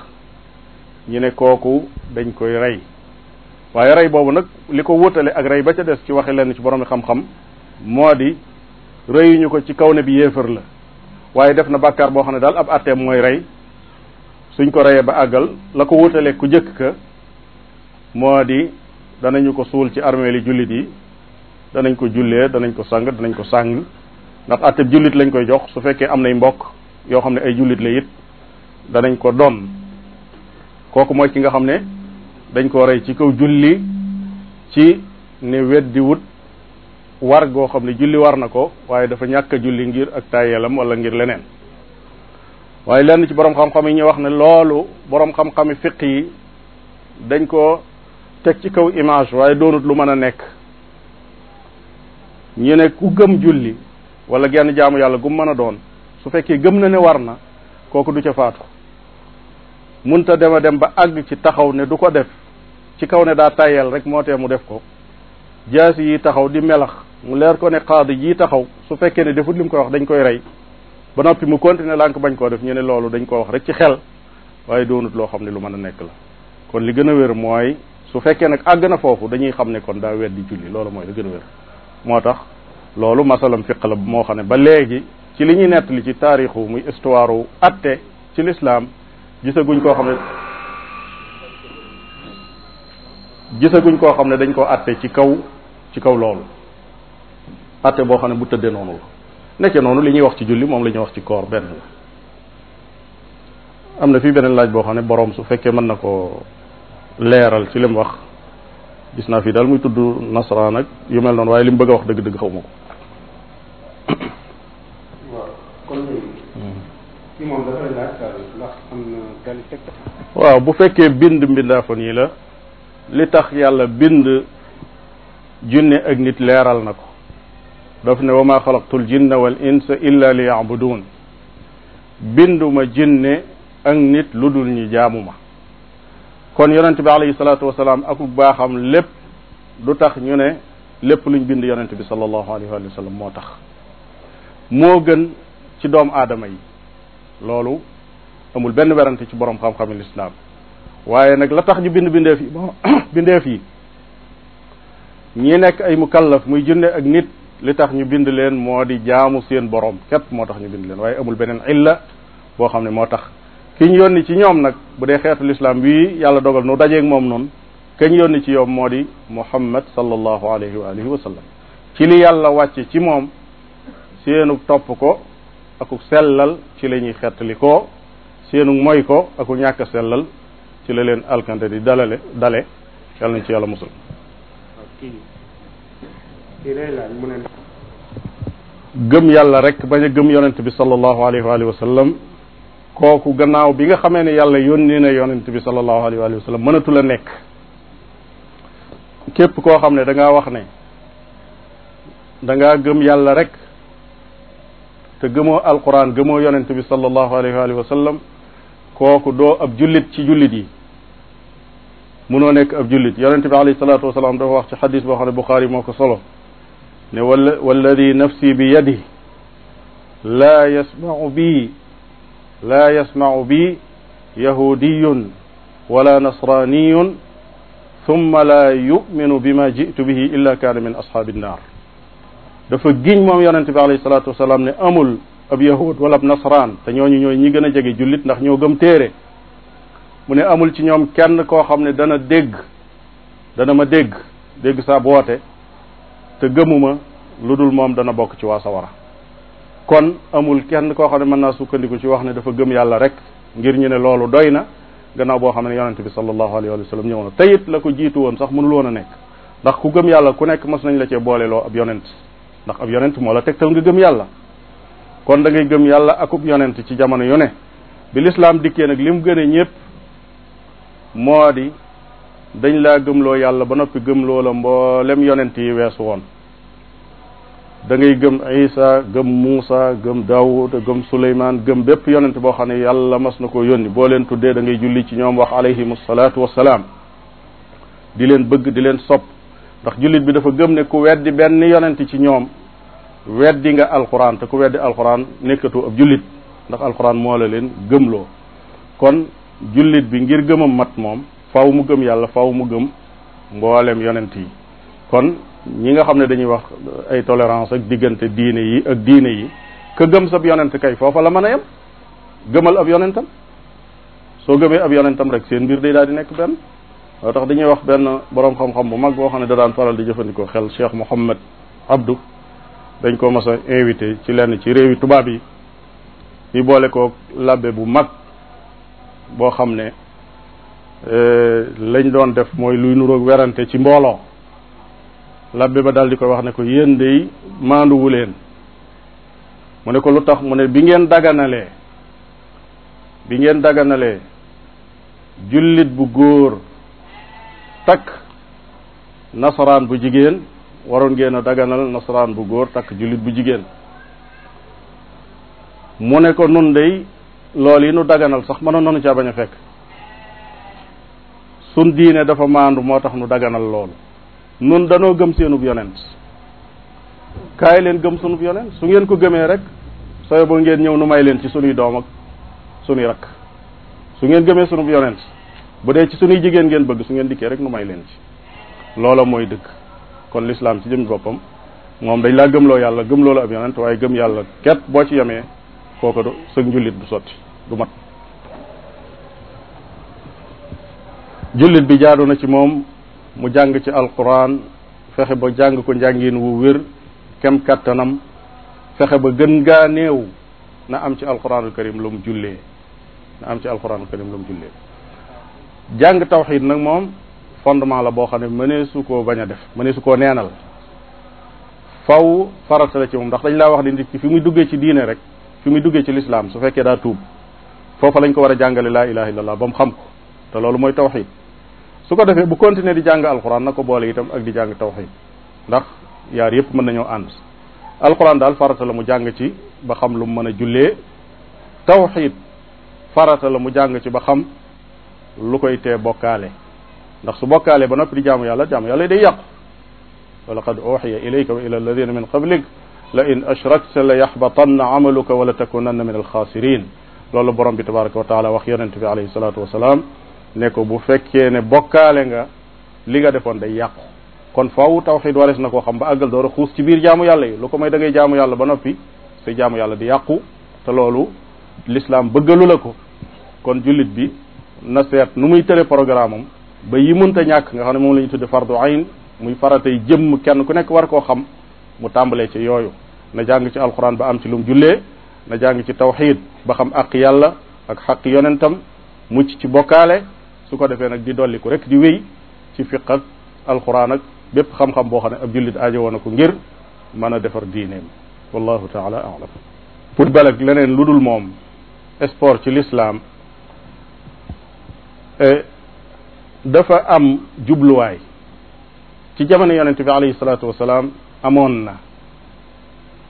ñu ne kooku dañ koy rey waaye rey boobu nag li ko wutale ak rey ba ca des ci waxee lenn ci borom xam-xam moo di reyuñu ko ci kaw ne bi yéefar la waaye def na bàkkaar boo xam ne daal ab atteem mooy rey suñ ko reyee ba àggal la ko wutale ku jëkk ka moo di danañu ko suul ci armeeli jullit yi danañ ko jullee danañ ko sang danañ ko sàng ndax atteb jullit lañ koy jox su fekkee am nay mbokk yoo xam ne ay jullit la it danañ ko donn kooku mooy ki nga xam ne dañ ko rey ci kaw julli ci ne weddi wut war goo xam ne julli war na ko waaye dafa ñàkk a julli ngir ak tàyyeelam wala ngir leneen waaye lenn ci borom xam-xam yi ñu wax ne loolu borom xam-xami fiq yi dañ ko teg ci kaw image waaye doonut lu mën a nekk ñu ne ku gëm julli wala genn jaamu yàlla gu mën a doon su fekkee gëm na ne war na kooku du ca faatu munta dem a dem ba àgg ci taxaw ne du ko def ci kaw ne daa tàyyeel rek moo tee mu def ko jaasi yi taxaw di melax mu leer ko ne xaadi jii taxaw su fekkee ne defut li mu koy wax dañ koy rey ba noppi mu continuer lànk bañ koo def ñu ne loolu dañ koo wax rek ci xel waaye doonut loo xam ne lu mën a nekk la kon li gën a wér mooy su fekkee nag àgg na foofu dañuy xam ne kon daa di julli loolu mooy li gën a wér moo tax loolu masalam fiq la moo xam ne ba léegi ci li ñuy nettali ci taarixu muy histoire wu atte ci lislaam gisaguñ koo xam ne gisaguñ koo xam ne dañ koo atte ci kaw ci kaw loolu atte boo xam ne bu tëddee noonu la nekkee noonu li ñuy wax ci julli moom la ñuy wax ci koor benn la am na fii beneen laaj boo xam ne boroom su fekkee mën na ko leeral ci li mu wax gis naa fii dal muy tudd nasaraan ak yu mel noonu waaye li mu bëgg a wax dëgg-dëgg xaw ma ko waaw hmm. bu fekkee bind mbindaafon yi la li tax yàlla bind junne ak nit leeral na ko daf ne wa maa xalaqtul jinna wal insa illa li yaabuduun binduma jinne ak nit lu dul ñi jaamuma ma kon yonent bi alayhi salaatu wasalaam ak baaxam lépp du tax ñu ne lépp luñ bind yonent bi sallallahu alayhi wa sallam moo tax moo gën ci doomu aadama yi loolu amul benn werante ci borom xam-xami lislaam waaye nag la tax ñu bind bindeef yi ñi nekk ay mukallaf muy jinne ak nit li tax ñu bind leen moo di jaamu seen borom képp moo tax ñu bind leen waaye amul beneen illa boo xam ne moo tax ki ñu yónni ci ñoom nag bu dee xeetu lislaam bii yàlla dogal nu dajeeg moom noonu kañ yónni ci yoom moo di muhammad sallallahu alayhi wa alihi wa sallam ci li yàlla wàcce ci moom seenu topp ko aku sellal ci la ñuy xettali koo seenu moy ko aku ñàkk a sellal ci la leen alkante di dalale dale yàlla nañ ci yàlla musal gëm yàlla rek bañ a gëm yonent bi sallallahu alayhi wa sallam kooku gannaaw bi nga xamee ne yàlla yónni na yonent bi sallallahu alayhi wa sallam mënatu la nekk képp koo xam ne da wax ne da gëm yàlla rek te gëmoo alquran gëmoo yonent bi sallallahu alayhi wa sallam kooku doo ab jullit ci jullit yi munoo nekk ab jullit yonent bi alayhi salaatu wasalaam dafa wax ci xadis boo xam ne Buxaari moo ko solo ne wala walladi nafsi bi yadi laa yasmau bii laa yasmau bii yahudiyun wala nasraniyun thumma laa yuminu bima jitu bihi illa kaana min ashaabi nnaar dafa giñ moom yonente bi alayhi salaatu wasalaam ne amul ab yahud wala ab nasraan te ñooñu ñooy ñi gën a jege jullit ndax ñoo gëm téere mu ne amul ci ñoom kenn koo xam ne dana dégg dana ma dégg dégg saa boote te gëmuma lu dul moom dana bokk ci waa sawara kon amul kenn koo xam ne mën naa sukkandiku ci wax ne dafa gëm yàlla rek ngir ñu ne loolu doy na gannaaw boo xam ne yonente bi sallallahu alayhi wa sallam ñëw na te la ko jiitu woon sax mënul nekk ndax ku gëm yàlla ku nekk mas nañ la cee booleloo ab yonent ndax ab yonent moo la tegtal nga gëm yàlla kon da gëm yàlla akub yonent ci jamono yu ne bi lislaam dikkee nag li mu gënee ñépp moo di dañ laa gëmloo yàlla ba noppi gëmloo la mboolem yonent yi weesu woon da ngay gëm isa gëm Muusa gëm Daawuda gëm Suleymaan gëm bépp yonent boo xam ne yàlla mas na ko yónni boo leen tuddee da ngay julli ci ñoom wax alayhim salaatu wassalaam di leen bëgg di leen sob ndax jullit bi dafa gëm ne ku weddi benn yonent ci ñoom weddi nga alxuraan te ku weddi alxuraan nekkatu ab jullit ndax alxuraan moo la leen gëmloo kon jullit bi ngir gëmam mat moom faw mu gëm yàlla faw mu gëm mboolem yonent yi kon ñi nga xam ne dañuy wax ay tolérance ak diggante diine yi ak diine yi ka gëm sab yonent kay foofa la mën a yem gëmal ab yonentam soo gëmee ab yonentam rek seen mbir day daal di nekk benn moo tax dañuy wax benn boroom xam-xam bu mag boo xam ne da daan di jëfandikoo xel Cheikh Mouhamed Abdou dañ ko mas a invité ci lenn ci réewi tubaab yi ñu boole koo labbe bu mag boo xam ne eh, lañ doon def mooy luy nurook werante ci mbooloo labbe ba daal di koy wax ne ko yéen dey maanduwu leen mu ne ko lu tax mu ne bi ngeen daganalee bi ngeen daganalee jullit bu góor takk nasaraan bu jigéen waroon ngeen a daganal nasaraan bu góor takk jullit bu jigéen mu ne ko nun dey loolu yi nu daganal sax mënoon nanu caa bañ a fekk sun diine dafa maandu moo tax nu daganal loolu nun danoo gëm seenub yonent kaay leen gëm sunub yonent su ngeen ko gëmee rek sooy boo ngeen ñëw nu may leen ci sunuy doom ak sunuy rakk su ngeen gëmee sunub yonent bu dee ci sunuy jigéen ngeen bëgg su ngeen dikkee rek nu may leen ci loola mooy dëgg kon lislaam ci jëm boppam moom dañ laa gëmloo yàlla gëmloo la ab yonent waaye gëm yàlla ket boo ci yemee kooka do sëg njullit bu sotti du mat jullit bi jaadu na ci moom mu jàng ci alquran fexe ba jàng ko njàngin wu wér kem kàttanam fexe ba gën gaa néew na am ci alquranul karim la mu jullee na am ci alquranul karim la mu jullee jàng tawxid nag moom fondement la boo xam ne mëneesu koo bañ a def mëneesu koo neenal faw farata la ci moom ndax dañ laa wax ni nit ki fi muy duggee ci diine rek fi muy duggee ci lislaam su fekkee daa tuub foofa lañ ko war a jàngale laa ilaha illallah ba mu xam ko te loolu mooy tawxid su ko defee bu continuer di jàng alxuraan na ko boole itam ak di jàng tawxid ndax yaar yëpp mën nañoo ànd alxuraan daal farata la mu jàng ci ba xam lu mu mën a jullee tawxid farata la mu jàng ci ba xam lu koy tee bokkaale ndax su bokkaale ba noppi di jaamu yàlla jaamu yàlla day yàqu wa laqad uxiya ilayka wa ila alladina min qablik la in ashrakta la yaxbatanna amaluka wala takunanna min alxaasirin loolu borom bi tabaraka wa taala wax yonente bi alayhi salatu wasalaam ne ko bu fekkee ne bokkaale nga li nga defoon day yàqu kon faaw tawxid warees na koo xam ba àggal door a xuus ci biir jaamu yàlla yi lu ko may da jaamu yàlla ba noppi say jaamu yàlla di yàqu te loolu l'islam bëggalu la ko kon jullit bi na seet nu muy tële programme am ba yi munta ñàkk nga xam ne moom la ñu tudde fardu ayn muy faratay jëmm kenn ku nekk war koo xam mu tàmbalee ci yooyu na jàng ci alquran ba am ci lum jullee na jàng ci tawxid ba xam aq yàlla ak xaq yonentam mucc ci bokkaale su ko defee nag di dolliku rek di wéy ci fiq ak alquran ak bépp xam-xam boo xam ne ab jullit aajo woon na ko ngir mën a defar diineem wallahu taala alam football ak leneen lu dul moom sport ci lislaam e, dafa am jubluwaay ci jamono yonente bi alayhi salaatu wasalaam amoon na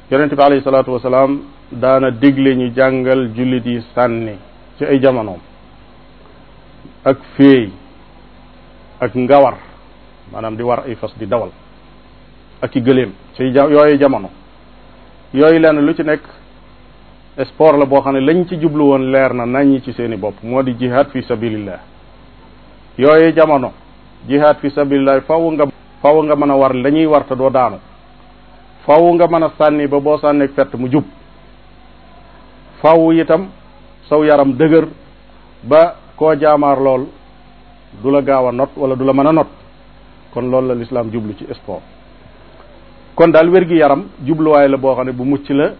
yonente bi alayhi salaatu wasalaam daana digle ñu jàngal jullit yi sànni ci ay jamonoom ak féey ak ngawar maanaam di war ay fas di dawal aki gëléem ci yooyu jamono yooyu lenn lu ci nekk sport la boo xam ne lañ ci jublu woon leer na nañ ci seeni bopp moo di jihad fi sabilillah yooyu jamono jihad fi sabilillah faw nga faw nga mën a war lañuy war doo daanu faw nga mën a sànni ba boo sànneeg fett mu jub faw itam saw yaram dëgër ba koo jaamaar lool du la gaaw a not wala du la mën a not kon loolu la lislaam jublu ci sport kon daal wér-gi-yaram jubluwaay la boo xam ne bu mucc la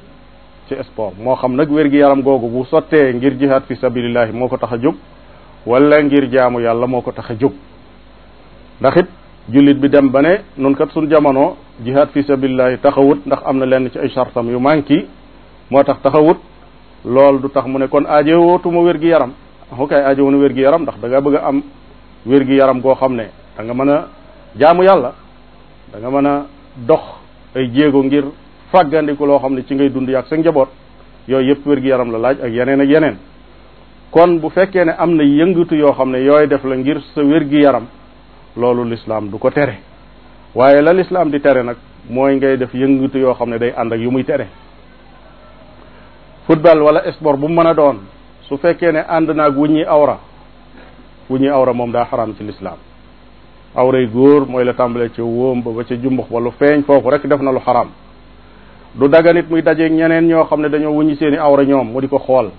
ci sport moo xam nag wér-gi-yaram googu bu sottee ngir jihaad fi sabilillahi moo ko tax a jóg wala ngir jaamu yàlla moo ko tax a jóg ndax it jullit bi dem ba ne nun kat suñ jamono jihaad fi sabilillahi taxawut ndax am na lenn ci ay sartam yu manki moo tax taxawut lool du tax mu ne kon aaje wootuma wér yaram dafa koy aajo woon wér yaram ndax danga bëgga am wér yaram goo xam ne danga nga mën a jaamu yàlla danga nga mën a dox ay jéego ngir fàggandiku loo xam ne ci ngay dund yaag sa njaboot yooyu yëpp wér yaram la laaj ak yeneen ak yeneen kon bu fekkee ne am na yëngatu yoo xam ne yooy def la ngir sa wér gu yaram loolu lislaam du ko tere waaye la lislaam di tere nag mooy ngay def yëngatu yoo xam ne day ànd ak yu muy tere football wala sport bu mu mën a doon su fekkee ne ànd naag wuññi awra wuññi awra moom daa xaraam ci lislaam awray góor mooy la tàmbalee ca wóom ba ca jumbux ba lu feeñ foofu rek def na lu xaraam du dagan nit muy daje ñeneen ñoo xam ne dañoo wuññi seeni awra ñoom mu di ko xool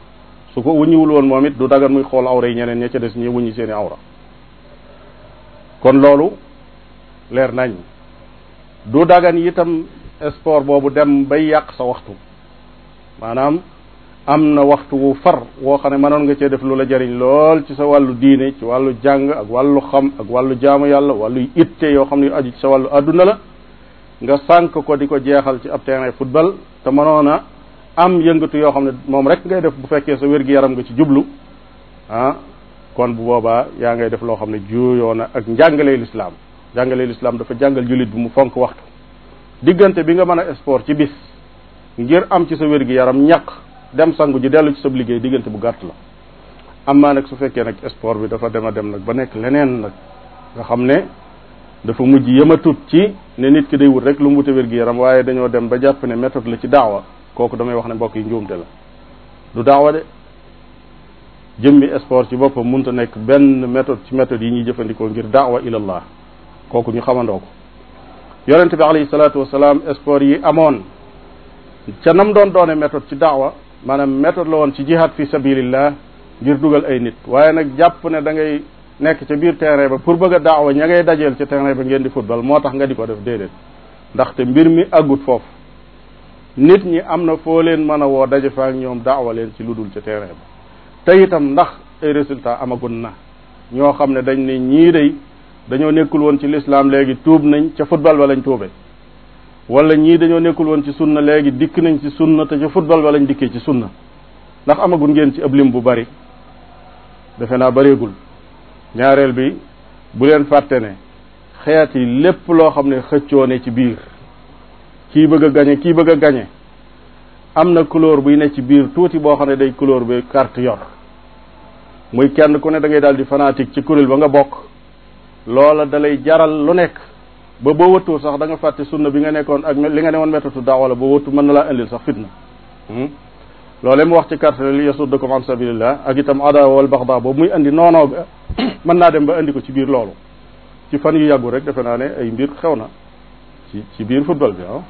su ko wuññiwul woon moom it du dagan muy xool awra yi ñeneen ña ca des ñi wuññi seeni awra kon loolu leer nañ du dagan itam sport boobu dem bay yàq sa waxtu maanaam am na waxtu wu far woo xam ne mënoon nga cee def lu la jariñ lool ci sa wàllu diine ci wàllu jàng ak wàllu xam ak wàllu jaamu yàlla wàllu itte yoo xam ne yu aju ci sa wàllu àdduna la nga sànk ko di ko jeexal ci ab terrain football te mënoon a am yëngatu yoo xam ne moom rek ngay def bu fekkee sa wér-gi-yaram nga ci jublu ah kon bu boobaa yaa ngay def loo xam ne juuyoo na ak njàngalee lislaam njàngalee lislaam dafa jàngal jullit bi mu fonk waxtu diggante bi nga mën a sport ci bis ngir am ci sa wér yaram ñàq dem sangu ji dellu ci sab liggéey diggante bu gàtt la am maa nag su fekkee nag sport bi dafa dem a dem nag ba nekk leneen nag nga xam ne dafa mujj yëmatut ci ne nit ki day wut rek lu mu wute wér-gi-yaram waaye dañoo dem ba jàpp ne méthode la ci daawa kooku damay wax ne mbokk yi njuumte la lu daawa de jëmmi sport ci boppam mënta nekk benn méthode ci méthode yi ñuy jëfandikoo ngir daawa ilallah kooku ñu xamandoo ko yonente bi alayhi salaatu wasalaam sport yi amoon ca nam doon doone méthode ci daawa maanaam méthode la woon ci jihad fi sabilillah ngir dugal ay nit waaye nag jàpp ne da ngay nekk ca biir terrain ba pour bëgg a daawa ña ngay dajeel ca terrain ba ngeen di football moo tax nga di ko def déedéet ndaxte mbir mi àggut foofu nit ñi am na foo leen mën a woo daje fa ñoom daawa leen ci lu dul ca terrain ba te itam ndax ay résultat amagun na ñoo xam ne dañ ne ñii day dañoo nekkul woon ci lislaam léegi tuub nañ ca football ba lañ tuube wala ñii dañoo nekkul woon ci sunna léegi dikk nañ ci sunna te ca football ba lañ dikkee ci sunna ndax amagul ngeen ci ab lim bu bari defe naa bareegul ñaareel bi bu leen fàtte ne xeet yi lépp loo xam ne xëccoone ci biir kii bëgg a gañe kii bëgg a gañe am na couleur buy ne ci biir tuuti boo xam ne day couleur bi carte yor muy kenn ku ne dangay ngay daal di fanatique ci kuréel ba nga bokk loola dalay jaral lu nekk ba boo wattuwul sax danga fàtte sunna bi nga nekkoon ak li nga newoon métatu daawala boo wattu mën na laa indil sax fitna hmm? loolee mu wax ci carte li yasuddakum an sabilillah ak itam adawa wal baxda boobu muy andi noonoo mën naa dem ba indi ko ci biir loolu ci fan yu yàggul rek defe naa ne ay mbir xew na ci biir football bi ah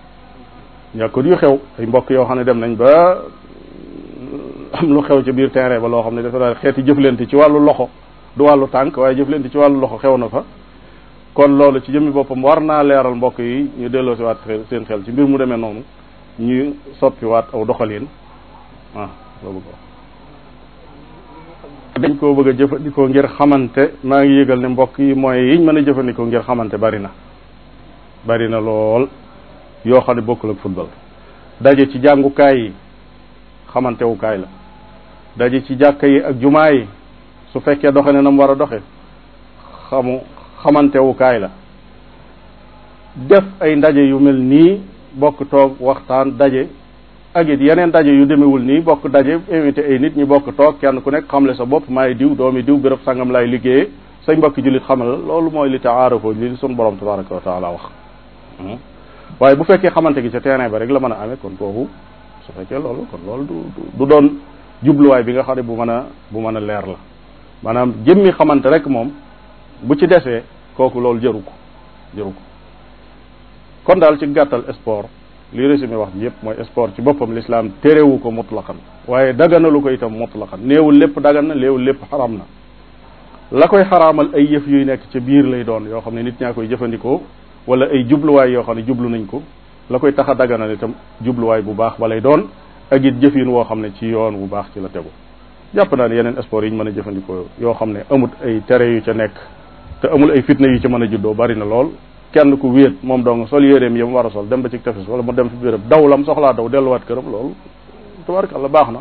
ñàkkut yu xew ay mbokk yoo xam ne dem nañ ba euh, am lu xew ci biir terrain ba loo xam ne defe naa ne xeeti jëflante ci wàllu loxo du wàllu tànk waaye jëflante ci wàllu loxo xew na fa kon loolu ci jëmmi boppam war naa leeral mbokk yi ñu delloo si waat seen xel ci mbir mu demee noonu ñu soppiwaat aw doxaliin ah, dañ koo bëgg a jëfandikoo ngir xamante maa ngi yëgal ne mbokk yi mooy yiñ mën a jëfandikoo ngir xamante bari na bari na lool yoo xam ne bokkul ak football daje ci jàngukaay yi xamantewukaay la daje ci jàkka yi ak jumaa yi su fekkee doxe ne na mu war a doxe xamu xamantewukaay la def ay ndaje yu mel nii bokk toog waxtaan daje ak it yeneen daje yu demewul nii bokk daje invité ay nit ñi bokk toog kenn ku nekk xamle sa bopp maay diw doomi diw béréb sangam lay liggéeyee say mbokki jullit xamal la loolu mooy li taarafoo li sun borom tabaraka wa taala wax hmm? waaye bu fekkee xamante gi sa terrain ba rek la mën a amee kon kooku su fekkee loolu kon loolu du doon jubluwaay bi nga xam ne bu mën a bu mën a leer la maanaam jëmmi xamante rek moom bu ci desee kooku loolu jëru ko jëru ko kon daal ci gàttal sport li résumé wax ji yëpp mooy sport ci boppam l'islam terewu ko mutlaqan waaye daganalu ko itam mutlaqan néewul lépp dagan na léewul lépp xaram na la koy xaraamal ay yëf yuy nekk ci biir lay doon yoo xam ne nit ñaa koy jëfandikoo wala ay jubluwaay yoo xam ne jublu nañ ko la koy tax a daganal itam jubluwaay bu baax ba lay doon ak it jëfin woo xam ne ci yoon bu baax ci la tegu jàpp naa n yeneen sport yi ñu mën a jëfandikoo yoo xam ne amut ay tere yu ca nekk te amul ay fitna yu ci mën a juddoo bari na lool kenn ku wéet moom dong sol yéreem yam war a sol dem ba ci tefes wala mu dem fi béréb daw lam soxlaa daw delluwaat këram loolu tabarkàlla baax na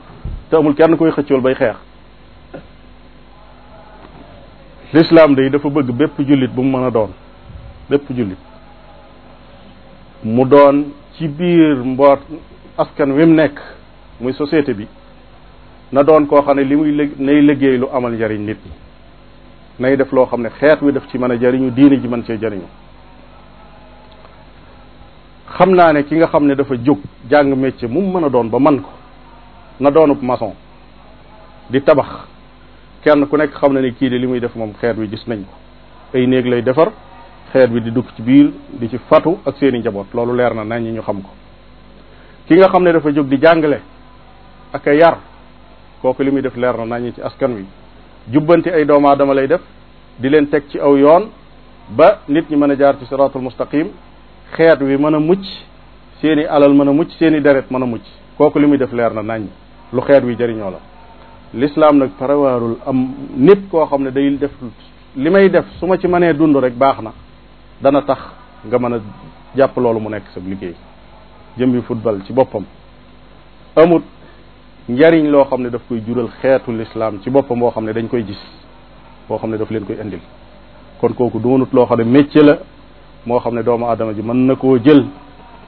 te amul kenn koy xëccool bay xeex lislaam day dafa bëgg bépp jullit bu mu mën a doon bépp jullit mu doon ci biir mboot askan wi mu nekk muy société bi na doon koo xam ne li muy lég liggéey lu amal njariñ nit ñi nay def loo xam ne xeet wi daf ci mën a jariñu diine ji mën cee jariñu xam naa ne ki nga xam ne dafa jóg jàng métier mu mën a doon ba man ko na doonub maçon di tabax kenn ku nekk xam na ne kii de li muy def moom xeet wi gis nañ ko ay néeg lay defar xeet wi di dugg ci biir di ci fatu ak seeni njaboot loolu leer na nañ ñu xam ko ki nga xam ne dafa jóg di jàngale ak a yar kooku li muy def leer na nañ ci askan wi jubbanti ay doomaa dama lay def di leen teg ci aw yoon ba nit ñi mën a jaar ci siraatul mustaqim xeet wi mën a mucc seen i alal mën a mucc seen i deret mën a mucc kooku li muy def leer na nañ lu xeet wi jëriñoo la l'islam nag prévoirul am nit koo xam ne day def li may def su ma ci mënee dund rek baax na dana tax nga mën a jàpp loolu mu nekk sa liggéey jëm bi football ci boppam amut njariñ loo xam ne daf koy jural xeetu lislaam ci boppam moo xam ne dañ koy gis boo xam ne daf leen koy indil kon kooku doonut loo xam ne métier la moo xam ne doomu aadama ji mën na koo jël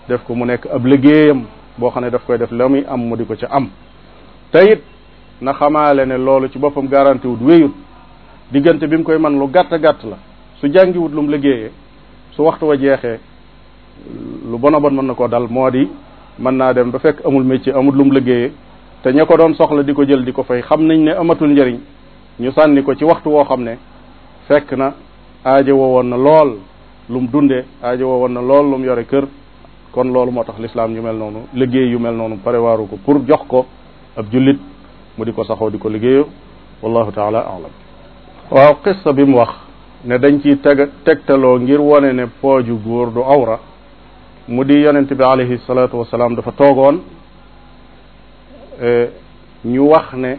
def ko mu nekk ab liggéeyam boo xam ne daf koy def la muy am mu di ko ca am te it na xamaale ne loolu ci boppam garanti wut wéyut diggante bi mu koy man lu gàtt gàtt la su jàngiwut lu mu liggéeyee su waxtu wa jeexee lu bon a bon mën na koo dal moo di mën naa dem ba fekk amul métier amul lu mu liggéeyee te ña ko doon soxla di ko jël di ko fay xam nañ ne amatul njariñ ñu sànni ko ci waxtu woo xam ne fekk na aajo wowoon na lool lum dunde aajo wowoon na lool lum yore kër kon loolu moo tax lislaam yu mel noonu liggéey yu mel noonu waaru ko pour jox ko ab jullit mu di ko saxoo di ko liggéeyo wallahu taala alam waaw qissa bi mu wax ne dañ ciy teg tegtaloo ngir wone ne pooju góor du awra mu di yonent bi alayhi salaatu wasalaam dafa toogoon ñu wax ne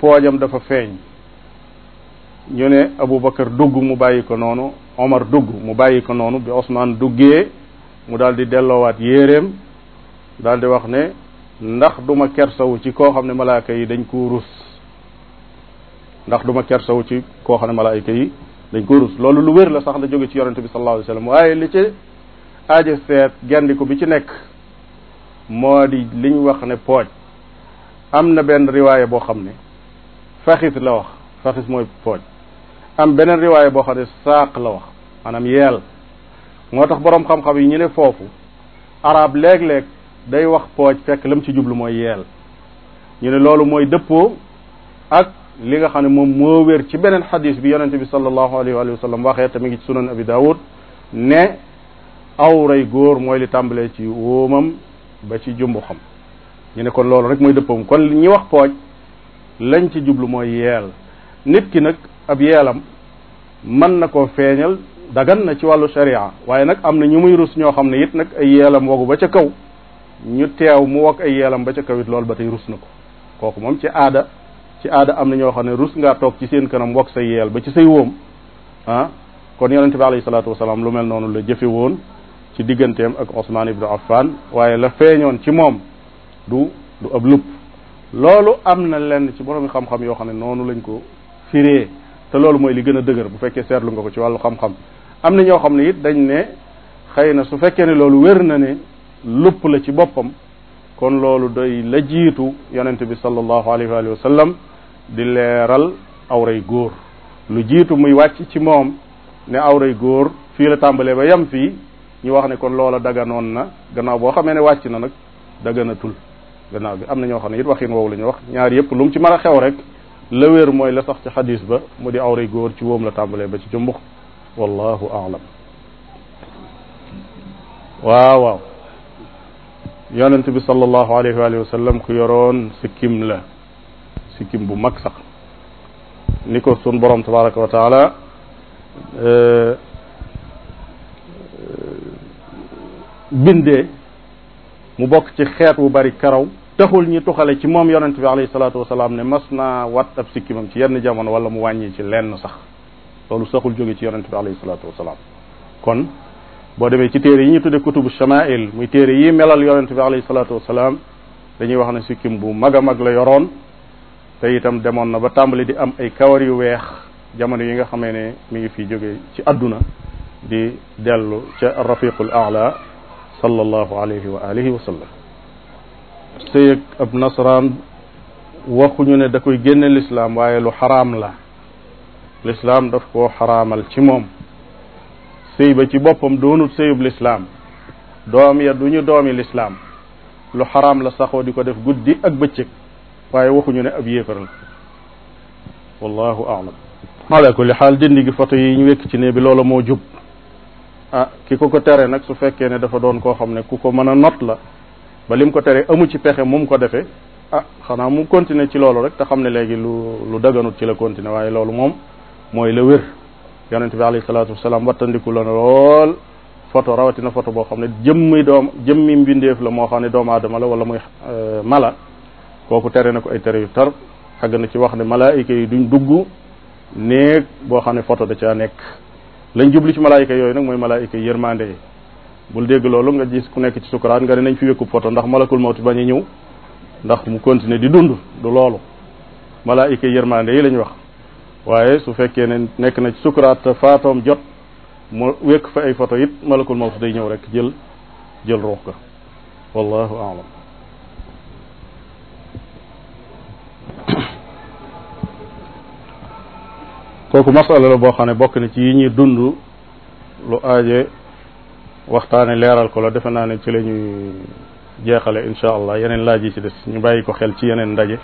poojam dafa feeñ ñu ne Aboubacar dugg mu bàyyi ko noonu Omar dugg mu bàyyi ko noonu bi Ousmane duggee mu daal di delloowaat yéeréem daal di wax ne ndax duma kersawu ci koo xam ne malaaka yi dañ ko rus ndax duma kersawu ci koo xam ne malaaka yi dañ ko rus loolu lu wér la sax la jóge ci yonente bi sallallahu alayhi wa sallam waaye li ci aaja seet gendiku bi ci nekk moo di li ñu wax ne pooj am na benn riwaaya boo xam ne faxis la wax faxis mooy pooj am beneen riwaaya boo xam ne saaq la wax maanaam yeel moo tax boroom xam-xam yi ñu ne foofu arab léeg-léeg day wax pooj fekk la mu ci jublu mooy yeel ñu ne loolu mooy dëppoo ak li nga xam ne moom moo wér ci beneen xadis bi yonente bi sallallahu alayhi wa sallam waxee tamit mi ngi ci sunan abi daawud ne awray góor mooy li tàmbalee ci wóomam ba ci jumbu xam ñu ne ko loolu rek mooy dëppam kon ñi wax pooj lañ ci jublu mooy yeel nit ki nag ab yeelam mën na koo feeñal dagan na ci wàllu sharia waaye nag am na ñu muy rus ñoo xam ne it nag ay yeelam wogu ba ca kaw ñu teew mu wog ay yeelam ba ca kaw it loolu ba tey rus na ko kooku moom ci aada ci aada am na ñoo xam ne rus ngaa toog ci seen kanam wog say yeel ba ci say wóom ah kon yonente bi alayhi salaatu wasalaam lu mel noonu la jëfe woon ci digganteem ak Ousmane ibnu Affan waaye la feeñoon ci moom du du ab lupp loolu am na lenn ci borom xam-xam yoo xam ne noonu lañ ko firee te loolu mooy li gën a dëgër bu fekkee seetlu nga ko ci wàllu xam-xam am na ñoo xam ne it dañ ne xëy na su fekkee ne loolu wér na ne lupp la ci boppam kon loolu doy la jiitu yonente bi sallallahu alayhi wa sallam di leeral awray góor lu jiitu muy wàcc ci moom ne awray góor fii la tàmbalee ba yam fii ñu wax ne kon loola daganoon na gannaaw boo xamee ne wàcc na nag daganatul gannaaw bi am na ñoo xam ne it waxin woowu la ñu wax ñaar yëpp lu mu ci mën a xew rek la wér mooy la sax ci xadis ba mu di awray góor ci wóom la tàmbalee ba ci jumbux wallahu aalam waaw waaw yonent bi sallallahu alayhi wa sallam ku yoroon sikkim la sikkim bu mag sax ni ko sun borom tabaraka wa eh, bindee mu bokk ci xeet wu bari karaw taxul ñi tuxale ci moom yonent bi alayhi salaatu wasalaam ne mas naa wat ab sikkimam ci yenn jamono wala mu wàññi ci lenn sax loolu saxul jóge ci yonent bi alayhi salaatu wasalaam kon boo demee ci téere yi ñu tudde kutubu shamail muy téere yi melal yonent bi alayhi salaatu wasalaam dañuy wax ne sikkim bu mag a mag la yoroon te itam demoon na ba tàmbali di am ay kawar yu weex jamono yi nga xamee ne mu ngi fi jóge ci àdduna di dellu ca rafiqul ala sallallahu alayhi wa alihi wa sallam ne da génn génne lislaam waaye lu xaraam la lislaam daf koo xaraamal ci moom sëy ba ci boppam doonut sëyub lislaam doom ya duñu doomi lislaam lu xaraam la saxo di ko def guddi ak bëccëg waaye waxu ñu ne ab yéefar la wallahu aalam ala kulli xaal dindi gi foto yi ñu wekk ci ne bi loola moo jub ah ki ko ko tere nag su fekkee ne dafa doon koo xam ne ku ko mën a not la ba lim ko tere amu ci pexe mu ko defee ah xanaa mu continuer ci loolu rek te xam ne léegi lu lu daganut ci la continuer waaye loolu moom mooy la wér yonent bi alayhi salaatu wasalaam wattandiku la na lool photo rawatina photo boo xam ne jëmmi doom jëmmi mbindeef la moo xam ne doomu aadama la wala muy eh, mala kooku tere na ko ay tere yu tar xagg na ci wax ne malaayika yi duñ dugg néeg boo xam ne photo da caa nekk lañ jubli ci malaayika yooyu nag mooy malaayika yërmande yi bul dégg loolu nga gis ku nekk ci sukuraat nga ne fi wékku poto ndax malakul mawti bañ a ñëw ndax mu continuer di dund du loolu malaayika yërmande yi lañ wax waaye su fekkee ne nekk na ci sukuraat te faatoom jot mu wékk fa ay photo it malakul mawti day ñëw rek jël jël ruux ga wallahu aalam kooku masala la boo xam ne bokk na ci yi ñuy dund lu aaje waxtaane leeral ko la defe naa ne ci la ñuy jeexale insha allah yeneen laaj yi ci des ñu bàyyi ko xel ci yeneen ndaje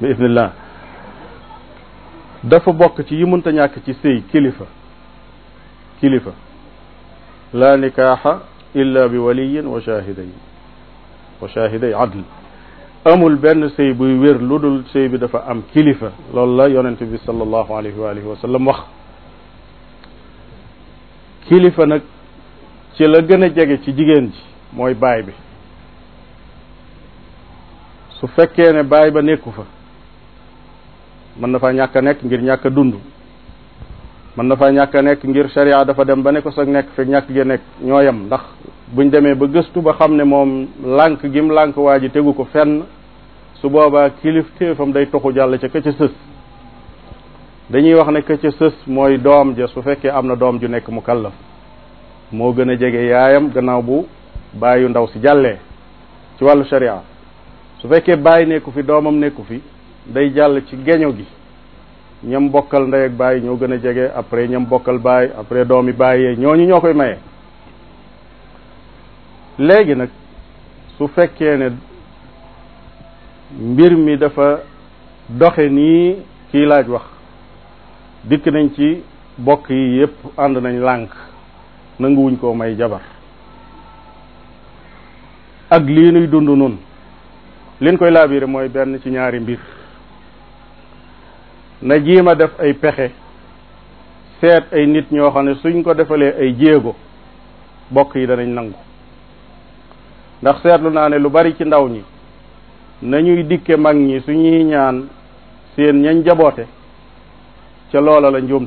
bi idnillah dafa bokk ci yi mënta ñàkk ci sëy kilifa kilifa la nikaaxa illa bi waliyin wa shahiday wa shahiday adl amul benn sëy buy wér lu dul sëy bi dafa am kilifa loolu la yonent bi sallallahu alayhi wa alihi wa sallam wax kilifa nag ci la gën a jege ci jigéen ji mooy baay bi su fekkee ne baay ba nekku fa mën na faa ñàkk a nekk ngir ñàkk dund mën na faa ñàkk a nekk ngir sharia dafa dem ba ne ko sax nekk fekk ñàkk gi nekk ñooyam ndax buñ demee ba gëstu ba xam ne moom lànk gim lànk waa ji tegu ko fenn su boobaa kilifteefam day toxu jàll ca ka sës dañuy wax ne ka sës mooy doom ja su fekkee am na doom ju nekk mu kallaf moo gën a jege yaayam gannaaw bu bàyyu ndaw si jàllee ci wàllu sharia su fekkee bàyyi nekku fi doomam nekku fi day jàll ci geño gi ñam bokkal ndey ak bàyyi ñoo gën a jege après ñam bokkal bàyyi après doomi bàyyee ñooñu ñoo koy maye léegi nag su fekkee ne mbir mi dafa doxe nii kiy laaj wax dikk nañ ci bokk yi yépp ànd nañ lànk nanguwuñ koo may jabar ak lii nuy dund nun lin koy laabire mooy benn ci ñaari mbir na jiima def ay pexe seet ay nit ñoo xam ne suñ ko defalee ay jéego bokk yi danañ nangu ndax seetlu naa ne lu bari ci ndaw ñi nañuy dikke mag ñi suñuy ñaan séen ñañ jaboote ca loola la njuum